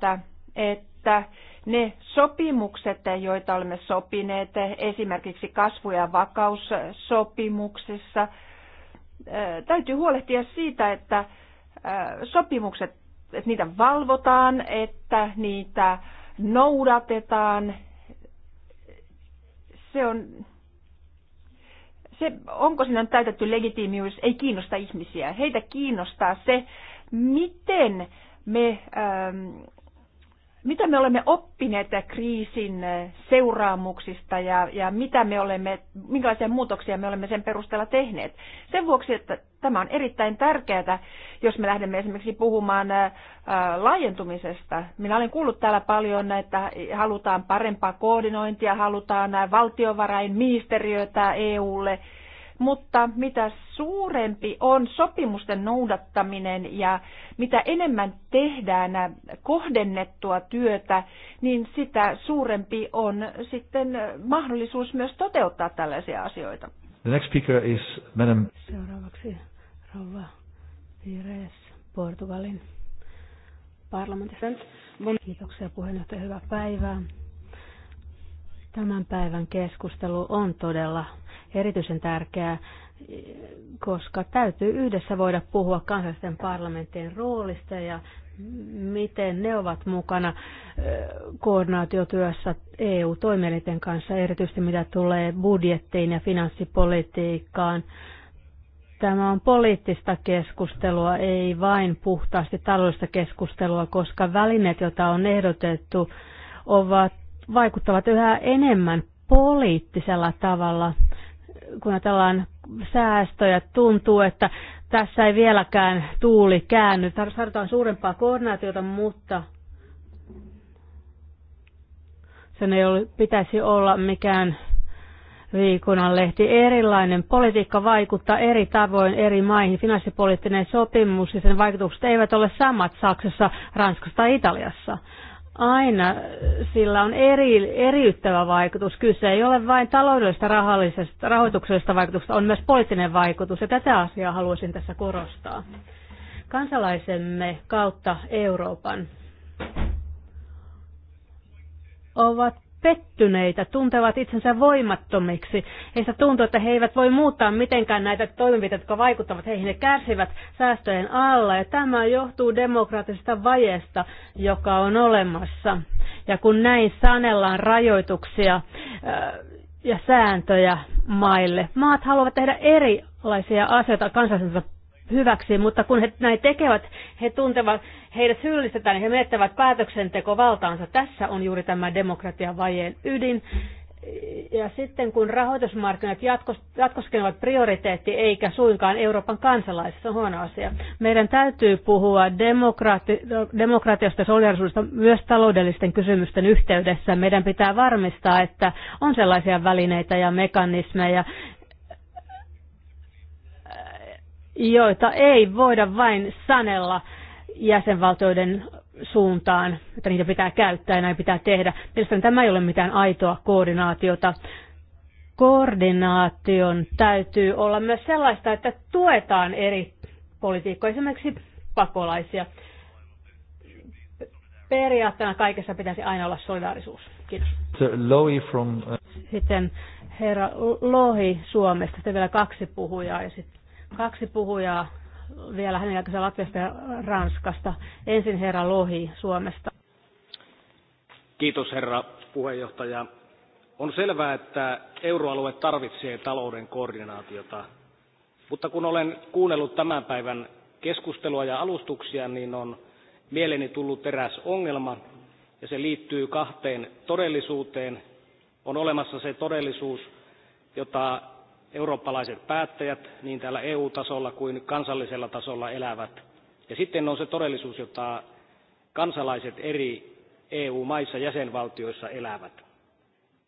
että ne sopimukset, joita olemme sopineet, esimerkiksi kasvu- ja vakaussopimuksissa, täytyy huolehtia siitä, että sopimukset, että niitä valvotaan, että niitä noudatetaan se on, se, onko sinne on täytetty legitiimiys, ei kiinnosta ihmisiä. Heitä kiinnostaa se, miten me ähm, mitä me olemme oppineet kriisin seuraamuksista ja, ja mitä me olemme, minkälaisia muutoksia me olemme sen perusteella tehneet. Sen vuoksi, että tämä on erittäin tärkeää, jos me lähdemme esimerkiksi puhumaan laajentumisesta. Minä olen kuullut täällä paljon, että halutaan parempaa koordinointia, halutaan valtiovarainministeriötä EUlle – mutta mitä suurempi on sopimusten noudattaminen ja mitä enemmän tehdään kohdennettua työtä, niin sitä suurempi on sitten mahdollisuus myös toteuttaa tällaisia asioita. The next speaker is Madam... Seuraavaksi rouva Pires Portugalin parlamentista. Kiitoksia puheenjohtaja, hyvää päivää. Tämän päivän keskustelu on todella erityisen tärkeää, koska täytyy yhdessä voida puhua kansallisten parlamenttien roolista ja miten ne ovat mukana koordinaatiotyössä EU-toimielinten kanssa, erityisesti mitä tulee budjettiin ja finanssipolitiikkaan. Tämä on poliittista keskustelua, ei vain puhtaasti taloudellista keskustelua, koska välineet, joita on ehdotettu, ovat vaikuttavat yhä enemmän poliittisella tavalla, kun ajatellaan säästöjä. Tuntuu, että tässä ei vieläkään tuuli käänny. Tarvitaan suurempaa koordinaatiota, mutta sen ei ole, pitäisi olla mikään viikunanlehti. Erilainen politiikka vaikuttaa eri tavoin eri maihin. Finanssipoliittinen sopimus ja sen vaikutukset eivät ole samat Saksassa, Ranskassa tai Italiassa aina sillä on eri, eriyttävä vaikutus. Kyse ei ole vain taloudellisesta rahallisesta, rahoituksellisesta vaikutuksesta, on myös poliittinen vaikutus, ja tätä asiaa haluaisin tässä korostaa. Kansalaisemme kautta Euroopan ovat pettyneitä, tuntevat itsensä voimattomiksi. Heistä tuntuu, että he eivät voi muuttaa mitenkään näitä toimenpiteitä, jotka vaikuttavat heihin. He kärsivät säästöjen alla ja tämä johtuu demokraattisesta vajesta, joka on olemassa. Ja kun näin sanellaan rajoituksia äh, ja sääntöjä maille, maat haluavat tehdä erilaisia asioita kansallisensa hyväksi, mutta kun he näin tekevät, he tuntevat, heidät syyllistetään ja he menettävät päätöksentekovaltaansa. Tässä on juuri tämä demokratian vajeen ydin. Ja sitten kun rahoitusmarkkinat jatkos, jatkoskin ovat prioriteetti eikä suinkaan Euroopan kansalaiset, se on huono asia. Meidän täytyy puhua demokrati, demokratiasta ja solidarisuudesta myös taloudellisten kysymysten yhteydessä. Meidän pitää varmistaa, että on sellaisia välineitä ja mekanismeja, joita ei voida vain sanella jäsenvaltioiden suuntaan, että niitä pitää käyttää ja näin pitää tehdä. Mielestäni tämä ei ole mitään aitoa koordinaatiota. Koordinaation täytyy olla myös sellaista, että tuetaan eri politiikkoja, esimerkiksi pakolaisia. Periaatteena kaikessa pitäisi aina olla solidaarisuus. Kiitos. from, uh, Sitten herra Lohi Suomesta, sitten vielä kaksi puhujaa ja sitten Kaksi puhujaa vielä hänen jälkeensä Latviasta ja Ranskasta. Ensin herra Lohi Suomesta. Kiitos herra puheenjohtaja. On selvää, että euroalue tarvitsee talouden koordinaatiota, mutta kun olen kuunnellut tämän päivän keskustelua ja alustuksia, niin on mieleeni tullut eräs ongelma, ja se liittyy kahteen todellisuuteen. On olemassa se todellisuus, jota eurooppalaiset päättäjät niin täällä EU-tasolla kuin kansallisella tasolla elävät. Ja sitten on se todellisuus, jota kansalaiset eri EU-maissa jäsenvaltioissa elävät.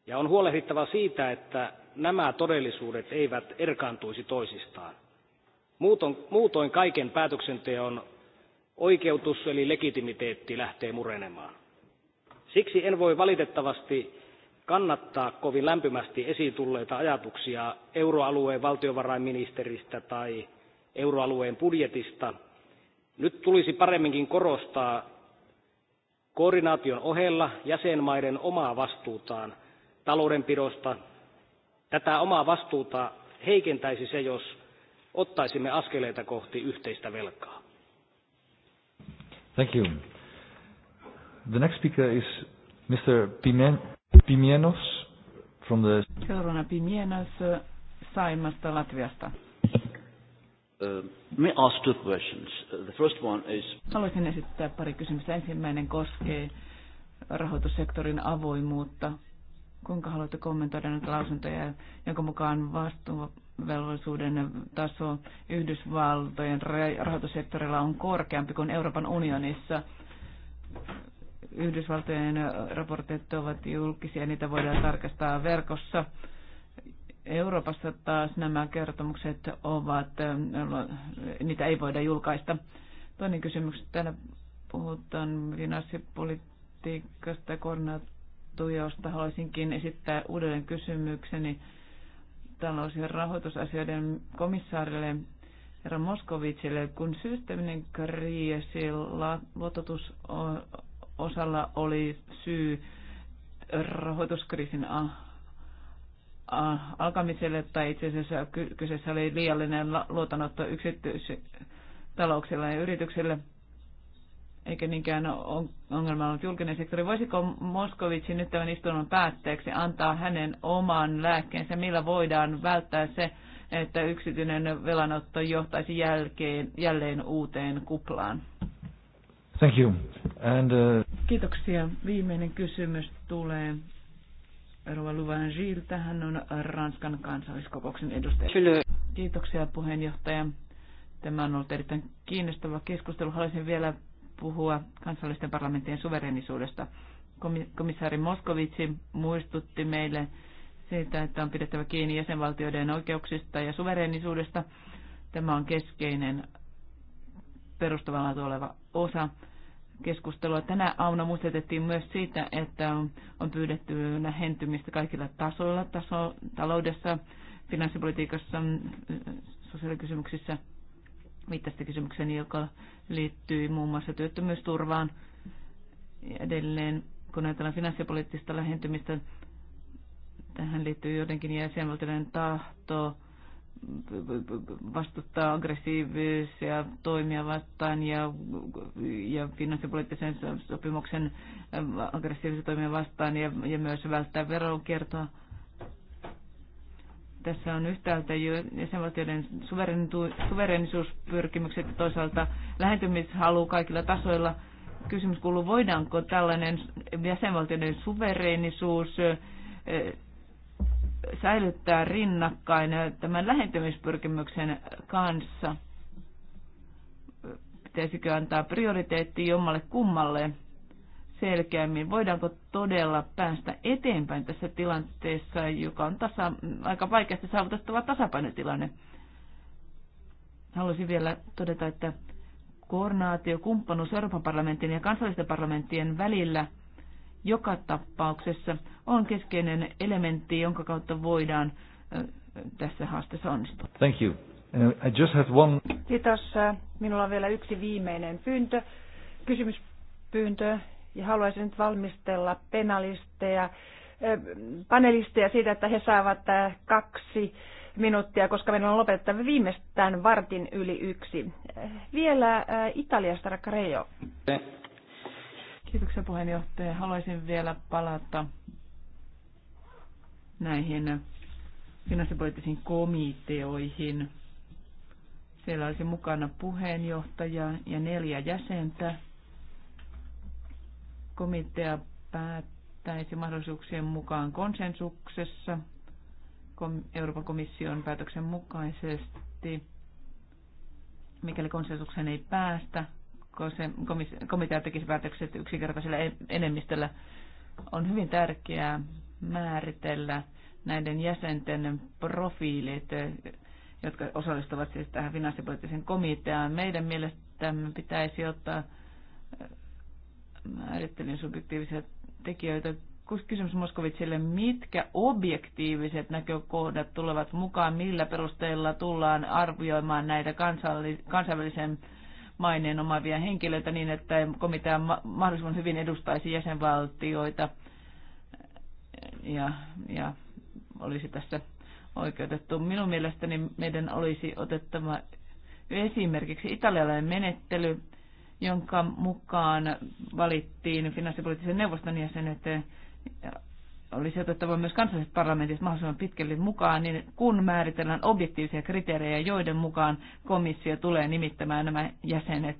Ja on huolehdittava siitä, että nämä todellisuudet eivät erkaantuisi toisistaan. Muutoin kaiken päätöksenteon oikeutus eli legitimiteetti lähtee murenemaan. Siksi en voi valitettavasti kannattaa kovin lämpimästi esiin tulleita ajatuksia euroalueen valtiovarainministeristä tai euroalueen budjetista. Nyt tulisi paremminkin korostaa koordinaation ohella jäsenmaiden omaa vastuutaan taloudenpidosta. Tätä omaa vastuuta heikentäisi se, jos ottaisimme askeleita kohti yhteistä velkaa. Thank you. The next speaker is Mr. Pimenta. Pimienos from the... Seuraavana Pimienos Saimasta Latviasta. Uh, may ask two questions. Uh, the first one is... Haluaisin esittää pari kysymystä. Ensimmäinen koskee rahoitussektorin avoimuutta. Kuinka haluatte kommentoida näitä lausuntoja, jonka mukaan vastuuvelvollisuuden taso Yhdysvaltojen rahoitussektorilla on korkeampi kuin Euroopan unionissa? Yhdysvaltojen raportit ovat julkisia, niitä voidaan tarkastaa verkossa. Euroopassa taas nämä kertomukset ovat, niitä ei voida julkaista. Toinen kysymys, täällä puhutaan finanssipolitiikasta ja koordinaatiosta. Haluaisinkin esittää uudelleen kysymykseni talous- ja rahoitusasioiden komissaarille herra Moskovitsille, kun systeeminen kriisi luototus osalla oli syy rahoituskriisin alkamiselle, tai itse asiassa kyseessä oli liiallinen luotanotto yksityistalouksilla ja yrityksille, eikä niinkään ongelma ollut julkinen sektori. Voisiko Moskovitsi nyt tämän istunnon päätteeksi antaa hänen oman lääkkeensä, millä voidaan välttää se, että yksityinen velanotto johtaisi jälkeen, jälleen uuteen kuplaan? Thank you. And, uh... Kiitoksia. Viimeinen kysymys tulee Rova Gilles. Hän on Ranskan kansalliskokouksen edustaja. Kiitoksia puheenjohtaja. Tämä on ollut erittäin kiinnostava keskustelu. Haluaisin vielä puhua kansallisten parlamenttien suverenisuudesta. Komissaari Moskovitsi muistutti meille siitä, että on pidettävä kiinni jäsenvaltioiden oikeuksista ja suverenisuudesta. Tämä on keskeinen perustavanlaatu oleva osa keskustelua. Tänä aamuna muistutettiin myös siitä, että on pyydetty lähentymistä kaikilla tasoilla, taso, taloudessa, finanssipolitiikassa, sosiaalikysymyksissä. Viittasitte kysymykseen, joka liittyy muun muassa työttömyysturvaan. Edelleen, kun ajatellaan finanssipoliittista lähentymistä, tähän liittyy jotenkin jäsenvaltioiden tahto vastustaa aggressiivisia toimia vastaan ja, ja finanssipoliittisen sopimuksen aggressiivisia toimia vastaan ja, ja myös välttää veronkiertoa. Tässä on yhtäältä jäsenvaltioiden suverenisuuspyrkimykset ja toisaalta lähentymishalu kaikilla tasoilla. Kysymys kuuluu, voidaanko tällainen jäsenvaltioiden suverenisuus säilyttää rinnakkain tämän lähentymispyrkimyksen kanssa? Pitäisikö antaa prioriteetti jommalle kummalle selkeämmin? Voidaanko todella päästä eteenpäin tässä tilanteessa, joka on tasa, aika vaikeasti saavutettava tasapainotilanne? Haluaisin vielä todeta, että koordinaatio, kumppanuus Euroopan parlamentin ja kansallisten parlamenttien välillä joka tapauksessa – on keskeinen elementti, jonka kautta voidaan tässä haasteessa onnistua. Thank you. I just have one... Kiitos. Minulla on vielä yksi viimeinen pyyntö, kysymyspyyntö, ja haluaisin nyt valmistella penalisteja, panelisteja siitä, että he saavat kaksi minuuttia, koska meillä on lopetettava viimeistään vartin yli yksi. Vielä Italiasta, Rakarejo. Kiitoksia puheenjohtaja. Haluaisin vielä palata näihin finanssipoliittisiin komiteoihin. Siellä olisi mukana puheenjohtaja ja neljä jäsentä. Komitea päättäisi mahdollisuuksien mukaan konsensuksessa Euroopan komission päätöksen mukaisesti. Mikäli konsensukseen ei päästä, komitea tekisi päätökset yksinkertaisella e-, enemmistöllä. On hyvin tärkeää määritellä näiden jäsenten profiilit, jotka osallistuvat siis tähän finanssipoliittisen komiteaan. Meidän mielestämme pitäisi ottaa äh, määrittelyn subjektiivisia tekijöitä. Kysymys Moskovitsille, mitkä objektiiviset näkökohdat tulevat mukaan, millä perusteella tullaan arvioimaan näitä kansainvälisen maineen omaavia henkilöitä niin, että komitea mahdollisimman hyvin edustaisi jäsenvaltioita – ja, ja olisi tässä oikeutettu. Minun mielestäni meidän olisi otettava esimerkiksi italialainen menettely, jonka mukaan valittiin finanssipoliittisen neuvoston jäsenet olisi otettava myös kansalliset parlamentit mahdollisimman pitkälle mukaan, niin kun määritellään objektiivisia kriteerejä, joiden mukaan komissio tulee nimittämään nämä jäsenet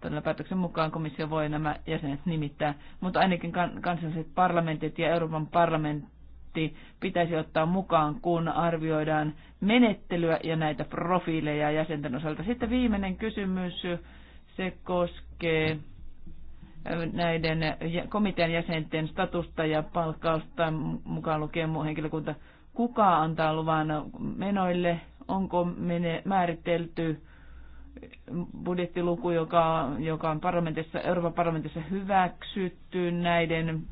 tällä päätöksen mukaan komissio voi nämä jäsenet nimittää, mutta ainakin kansalliset parlamentit ja Euroopan parlamentti pitäisi ottaa mukaan, kun arvioidaan menettelyä ja näitä profiileja jäsenten osalta. Sitten viimeinen kysymys, se koskee näiden komitean jäsenten statusta ja palkkausta mukaan lukien muu henkilökunta. Kuka antaa luvan menoille? Onko mene, määritelty budjettiluku, joka, joka on parlamentissa, Euroopan parlamentissa hyväksytty näiden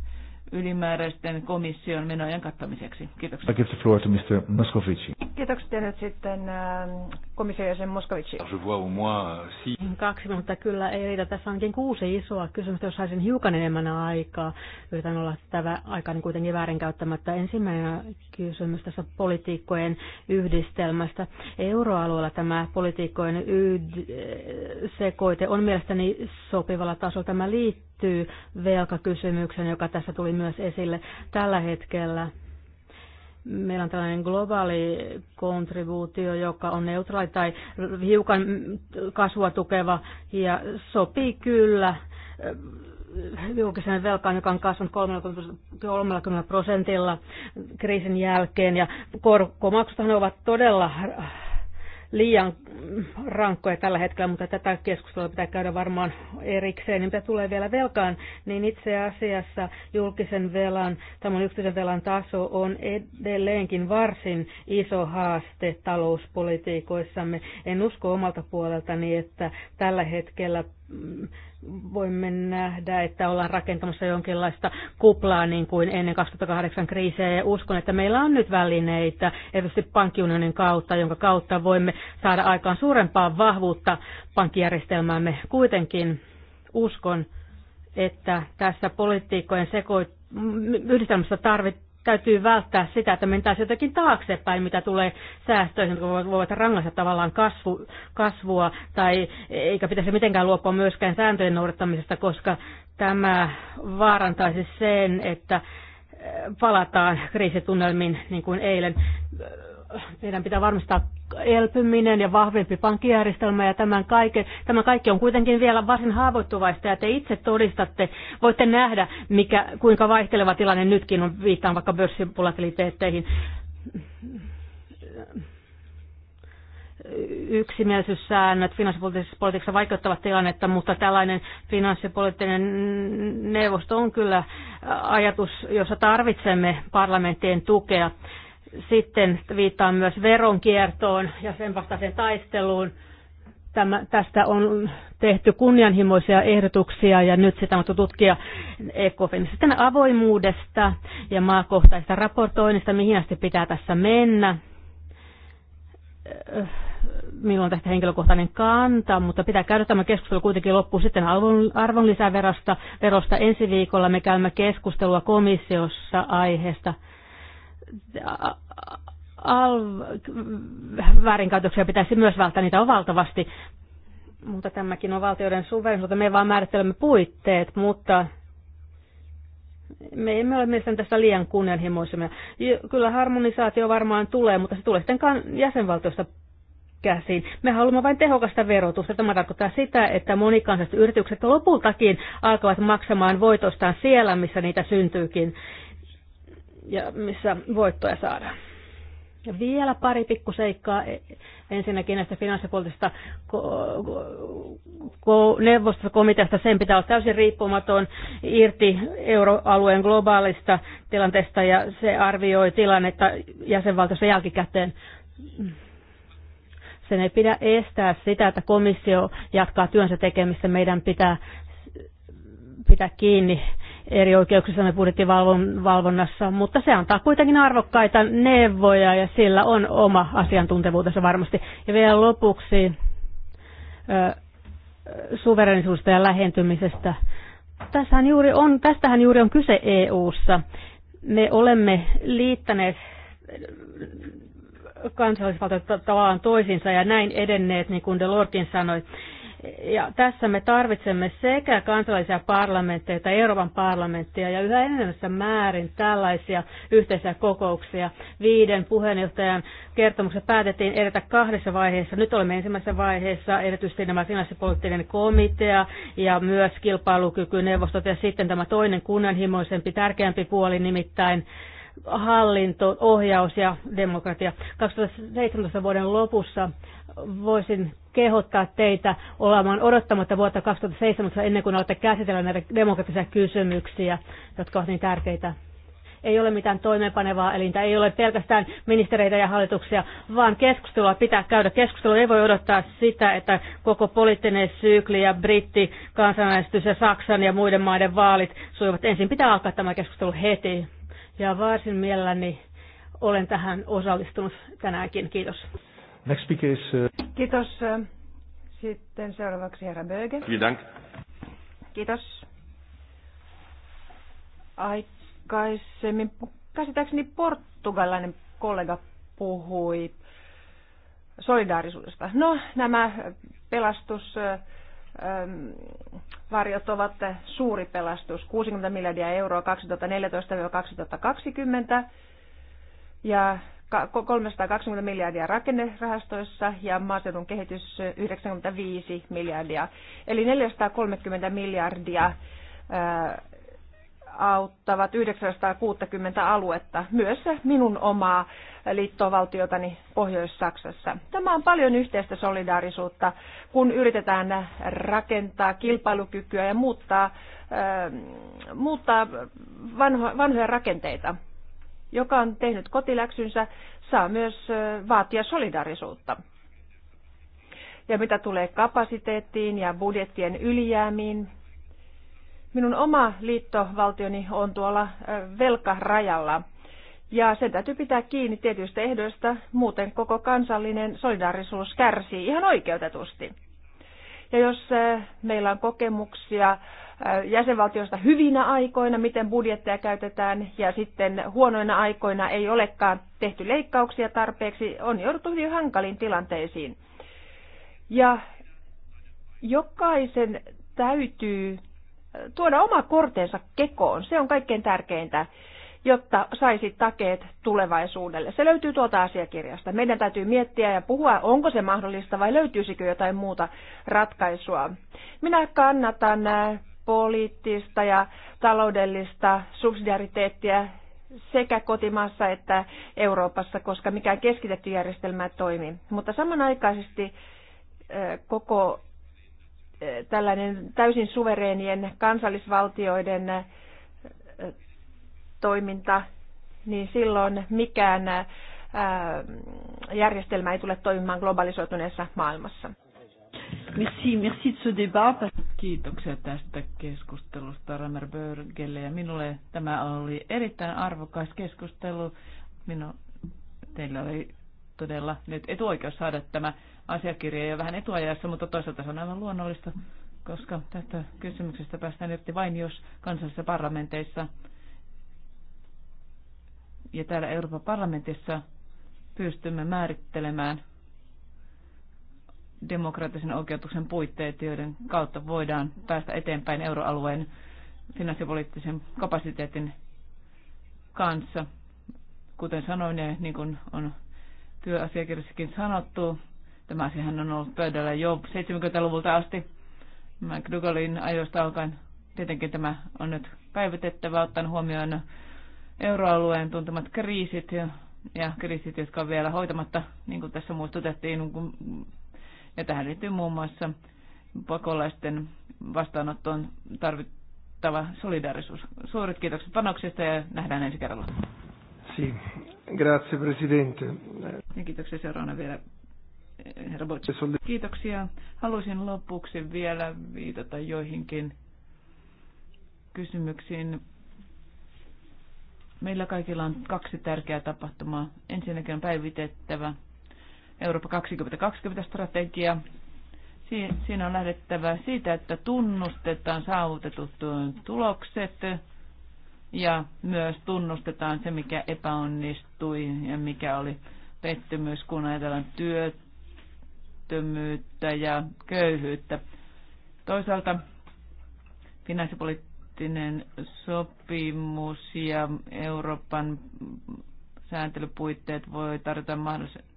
ylimääräisten komission menojen kattamiseksi. Kiitoksia. I give the floor to Mr. Moscovici. Kiitoksia nyt sitten ähm, komission jäsen Moscovici. Je vois au moins euh, si... Niin kaksi minuuttia kyllä ei riitä. Tässä onkin kuusi isoa kysymystä, jos saisin hiukan enemmän aikaa. Yritän olla tätä aikaa niin kuitenkin väärinkäyttämättä. Ensimmäinen kysymys tässä politiikkojen yhdistelmästä. Euroalueella tämä politiikkojen yhd- sekoite on mielestäni sopivalla tasolla. Tämä liittyy liittyy velkakysymykseen, joka tässä tuli myös esille tällä hetkellä. Meillä on tällainen globaali kontribuutio, joka on neutraali tai hiukan kasvua tukeva ja sopii kyllä äh, julkisen velkaan, joka on kasvanut 30 prosentilla kriisin jälkeen. Ja korkomaksuthan ovat todella liian rankkoja tällä hetkellä, mutta tätä keskustelua pitää käydä varmaan erikseen. Niin mitä tulee vielä velkaan, niin itse asiassa julkisen velan, tämän yksityisen velan taso on edelleenkin varsin iso haaste talouspolitiikoissamme. En usko omalta puoleltani, että tällä hetkellä Mm, voimme nähdä, että ollaan rakentamassa jonkinlaista kuplaa niin kuin ennen 2008 kriisiä ja uskon, että meillä on nyt välineitä erityisesti pankkiunionin kautta, jonka kautta voimme saada aikaan suurempaa vahvuutta pankkijärjestelmäämme. Kuitenkin uskon, että tässä poliitikkojen sekoit yhdistelmässä tarvitaan täytyy välttää sitä, että mentäisiin jotenkin taaksepäin, mitä tulee säästöihin, jotka voivat rangaista tavallaan kasvu, kasvua, tai eikä pitäisi mitenkään luopua myöskään sääntöjen noudattamisesta, koska tämä vaarantaisi sen, että eh, palataan kriisitunnelmiin niin kuin eilen meidän pitää varmistaa elpyminen ja vahvempi pankkijärjestelmä ja tämän kaiken, tämä kaikki on kuitenkin vielä varsin haavoittuvaista ja te itse todistatte, voitte nähdä mikä, kuinka vaihteleva tilanne nytkin on, viittaan vaikka pörssipulatiliteetteihin. Yksimielisyyssäännöt finanssipoliittisessa finanssipolitiikassa vaikeuttavat tilannetta, mutta tällainen finanssipoliittinen neuvosto on kyllä ajatus, jossa tarvitsemme parlamenttien tukea sitten viittaan myös veronkiertoon ja sen vastaiseen taisteluun. Tämä, tästä on tehty kunnianhimoisia ehdotuksia ja nyt sitä on tutkia ECOFIN. Sitten avoimuudesta ja maakohtaisesta raportoinnista, mihin asti pitää tässä mennä minulla on tästä henkilökohtainen kanta, mutta pitää käydä tämä keskustelu kuitenkin loppuun sitten arvonlisäverosta. Verosta ensi viikolla me käymme keskustelua komissiossa aiheesta alv, väärinkäytöksiä pitäisi myös välttää, niitä on valtavasti. Mutta tämäkin on valtioiden suverenisuutta, me vaan määrittelemme puitteet, mutta me emme ole mielestäni tässä liian kunnianhimoisemme. Kyllä harmonisaatio varmaan tulee, mutta se tulee sitten jäsenvaltiosta käsiin. Me haluamme vain tehokasta verotusta. Tämä tarkoittaa sitä, että monikansalliset yritykset lopultakin alkavat maksamaan voitostaan siellä, missä niitä syntyykin ja missä voittoja saadaan. Ja vielä pari pikkuseikkaa e, ensinnäkin näistä finanssipoliittisesta neuvostosta, komiteasta. Sen pitää olla täysin riippumaton irti euroalueen globaalista tilanteesta ja se arvioi tilannetta jäsenvaltiossa jälkikäteen. Sen ei pidä estää sitä, että komissio jatkaa työnsä tekemistä. Meidän pitää pitää kiinni eri oikeuksissa me budjettivalvonnassa, mutta se antaa kuitenkin arvokkaita neuvoja ja sillä on oma asiantuntevuutensa varmasti. Ja vielä lopuksi suverenisuudesta ja lähentymisestä. Tässähän juuri on, tästähän juuri on kyse EU:ssa. Me olemme liittäneet kansallisvaltiot tavallaan toisinsa ja näin edenneet, niin kuin Delorkin sanoi. Ja tässä me tarvitsemme sekä kansallisia parlamentteja että Euroopan parlamenttia ja yhä enemmässä määrin tällaisia yhteisiä kokouksia. Viiden puheenjohtajan kertomuksessa päätettiin edetä kahdessa vaiheessa. Nyt olemme ensimmäisessä vaiheessa erityisesti nämä finanssipoliittinen komitea ja myös kilpailukykyneuvostot ja sitten tämä toinen kunnianhimoisempi, tärkeämpi puoli nimittäin hallinto, ohjaus ja demokratia. 2017 vuoden lopussa voisin kehottaa teitä olemaan odottamatta vuotta 2017 ennen kuin alatte käsitellä näitä demokraattisia kysymyksiä, jotka ovat niin tärkeitä. Ei ole mitään toimeenpanevaa elintä, ei ole pelkästään ministereitä ja hallituksia, vaan keskustelua pitää käydä. Keskustelu ei voi odottaa sitä, että koko poliittinen sykli ja britti, kansanäänestys ja Saksan ja muiden maiden vaalit sujuvat. Ensin pitää alkaa tämä keskustelu heti. Ja varsin mielelläni olen tähän osallistunut tänäänkin. Kiitos. Next speaker is... Uh, Kiitos. Sitten seuraavaksi herra Böge. Kiitos. Kiitos. Aikaisemmin, käsittääkseni portugalainen kollega puhui solidaarisuudesta. No, nämä pelastusvarjot ähm, ovat suuri pelastus, 60 miljardia euroa 2014-2020, ja 320 miljardia rakennerahastoissa ja maaseudun kehitys 95 miljardia. Eli 430 miljardia auttavat 960 aluetta, myös minun omaa liittovaltiotani Pohjois-Saksassa. Tämä on paljon yhteistä solidaarisuutta, kun yritetään rakentaa kilpailukykyä ja muuttaa, muuttaa vanho, vanhoja rakenteita joka on tehnyt kotiläksynsä, saa myös vaatia solidarisuutta. Ja mitä tulee kapasiteettiin ja budjettien ylijäämiin, minun oma liittovaltioni on tuolla velkarajalla. Ja sen täytyy pitää kiinni tietyistä ehdoista, muuten koko kansallinen solidaarisuus kärsii ihan oikeutetusti. Ja jos meillä on kokemuksia jäsenvaltioista hyvinä aikoina, miten budjetteja käytetään, ja sitten huonoina aikoina ei olekaan tehty leikkauksia tarpeeksi, on jouduttu hyvin hankaliin tilanteisiin. Ja jokaisen täytyy tuoda oma kortensa kekoon, se on kaikkein tärkeintä, jotta saisi takeet tulevaisuudelle. Se löytyy tuolta asiakirjasta. Meidän täytyy miettiä ja puhua, onko se mahdollista vai löytyisikö jotain muuta ratkaisua. Minä kannatan poliittista ja taloudellista subsidiariteettia sekä kotimaassa että Euroopassa, koska mikään keskitetty järjestelmä ei toimi. Mutta samanaikaisesti koko tällainen täysin suvereenien kansallisvaltioiden toiminta, niin silloin mikään järjestelmä ei tule toimimaan globalisoituneessa maailmassa. Merci, merci de ce débat. Kiitoksia tästä keskustelusta Ramer Börgelle ja minulle tämä oli erittäin arvokas keskustelu. Minu, teillä oli todella nyt etuoikeus saada tämä asiakirja jo vähän etuajassa, mutta toisaalta se on aivan luonnollista, koska tästä kysymyksestä päästään irti vain jos kansallisissa parlamenteissa ja täällä Euroopan parlamentissa pystymme määrittelemään demokraattisen oikeutuksen puitteet, joiden kautta voidaan päästä eteenpäin euroalueen finanssipoliittisen kapasiteetin kanssa. Kuten sanoin ja niin kuin on työasiakirjassakin sanottu, tämä asiahan on ollut pöydällä jo 70-luvulta asti. McDougallin ajoista alkaen tietenkin tämä on nyt päivitettävä ottaen huomioon euroalueen tuntemat kriisit ja, ja kriisit, jotka on vielä hoitamatta, niin kuin tässä muistutettiin, kun ja tähän liittyy muun muassa pakolaisten vastaanottoon tarvittava solidaarisuus. Suuret kiitokset panoksista ja nähdään ensi kerralla. Si. Grazie, Presidente. Ja kiitoksia seuraavana vielä eh, herra Kiitoksia. Haluaisin lopuksi vielä viitata joihinkin kysymyksiin. Meillä kaikilla on kaksi tärkeää tapahtumaa. Ensinnäkin on päivitettävä Eurooppa 2020-strategia. Siinä on lähdettävä siitä, että tunnustetaan saavutetut tulokset ja myös tunnustetaan se, mikä epäonnistui ja mikä oli pettymys, kun ajatellaan työttömyyttä ja köyhyyttä. Toisaalta finanssipoliittinen sopimus ja Euroopan sääntelypuitteet voi tarjota mahdollis-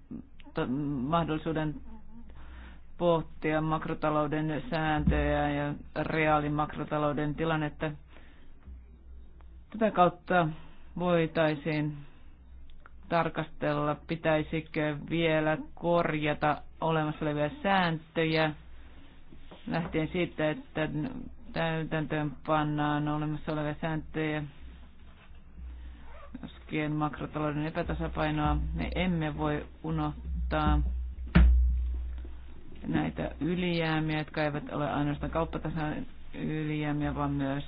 mahdollisuuden pohtia makrotalouden sääntöjä ja reaalimakrotalouden tilannetta. Tätä kautta voitaisiin tarkastella, pitäisikö vielä korjata olemassa olevia sääntöjä lähtien siitä, että täytäntöön pannaan olemassa olevia sääntöjä koskien makrotalouden epätasapainoa. Me emme voi unohtaa muuttaa näitä ylijäämiä, jotka eivät ole ainoastaan kauppatasan ylijäämiä, vaan myös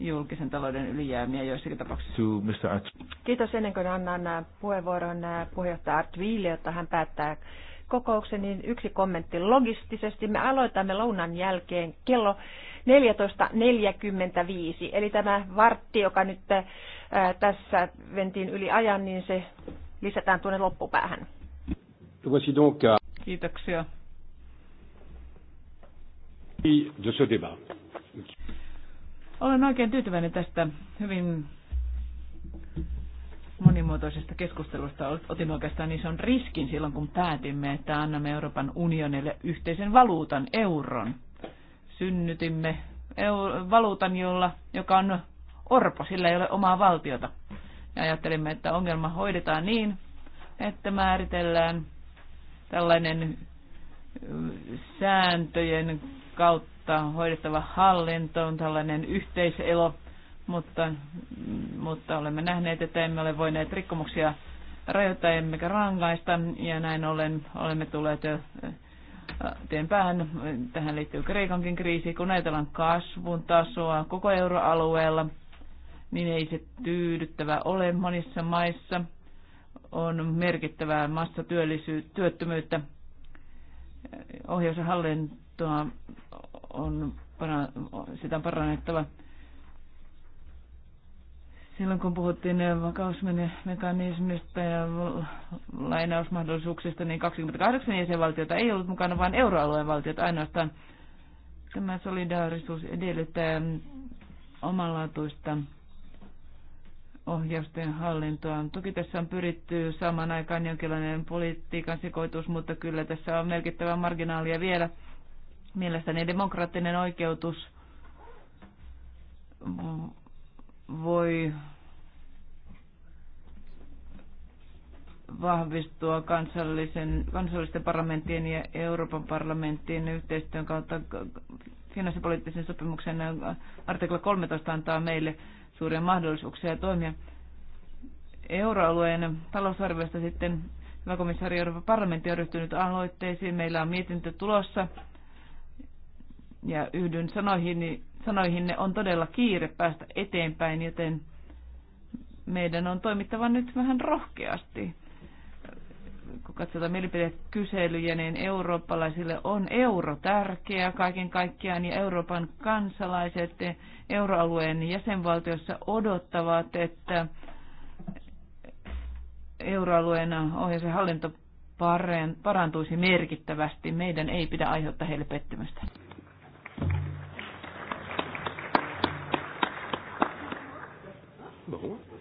julkisen talouden ylijäämiä joissakin tapauksissa. Kiitos ennen kuin annan äh, puheenvuoron äh, puheenjohtaja Art Wille, jotta hän päättää kokouksen, niin yksi kommentti logistisesti. Me aloitamme lounan jälkeen kello 14.45, eli tämä vartti, joka nyt äh, tässä ventiin yli ajan, niin se lisätään tuonne loppupäähän. Voici donc à... Kiitoksia. De ce débat. Olen oikein tyytyväinen tästä hyvin monimuotoisesta keskustelusta. Otimme oikeastaan ison riskin silloin, kun päätimme, että annamme Euroopan unionille yhteisen valuutan, euron. Synnytimme euro, valuutan, jolla, joka on orpo, sillä ei ole omaa valtiota. Ja ajattelimme, että ongelma hoidetaan niin, että määritellään tällainen sääntöjen kautta hoidettava hallinto on tällainen yhteiselo, mutta, mutta olemme nähneet, että emme ole voineet rikkomuksia rajoittaa emmekä rangaista, ja näin ollen olemme tulleet tien päähän. Tähän liittyy Kreikankin kriisi. Kun ajatellaan kasvun tasoa koko euroalueella, niin ei se tyydyttävä ole monissa maissa on merkittävää massatyöttömyyttä. Ohjaus ja hallintoa on, sitä on parannettava. Silloin kun puhuttiin vakausmekanismista ja lainausmahdollisuuksista, niin 28 jäsenvaltiota ei ollut mukana, vaan euroalueen valtiot ainoastaan. Tämä solidaarisuus edellyttää omanlaatuista ohjausten hallintoa. Toki tässä on pyritty saamaan aikaan jonkinlainen politiikan sekoitus, mutta kyllä tässä on merkittävä marginaalia vielä. Mielestäni demokraattinen oikeutus voi vahvistua kansallisen, kansallisten parlamenttien ja Euroopan parlamenttien yhteistyön kautta. Finanssipoliittisen sopimuksen artikla 13 antaa meille suuria mahdollisuuksia toimia. Euroalueen talousarviosta sitten hyvä komissaari Euroopan parlamentti on ryhtynyt aloitteisiin. Meillä on mietintö tulossa ja yhdyn sanoihin ne on todella kiire päästä eteenpäin, joten meidän on toimittava nyt vähän rohkeasti kun katsotaan mielipidekyselyjä, niin eurooppalaisille on euro tärkeä kaiken kaikkiaan ja Euroopan kansalaiset euroalueen jäsenvaltiossa odottavat, että euroalueen ohjaus ja hallinto parantuisi merkittävästi. Meidän ei pidä aiheuttaa heille pettymystä. Bon.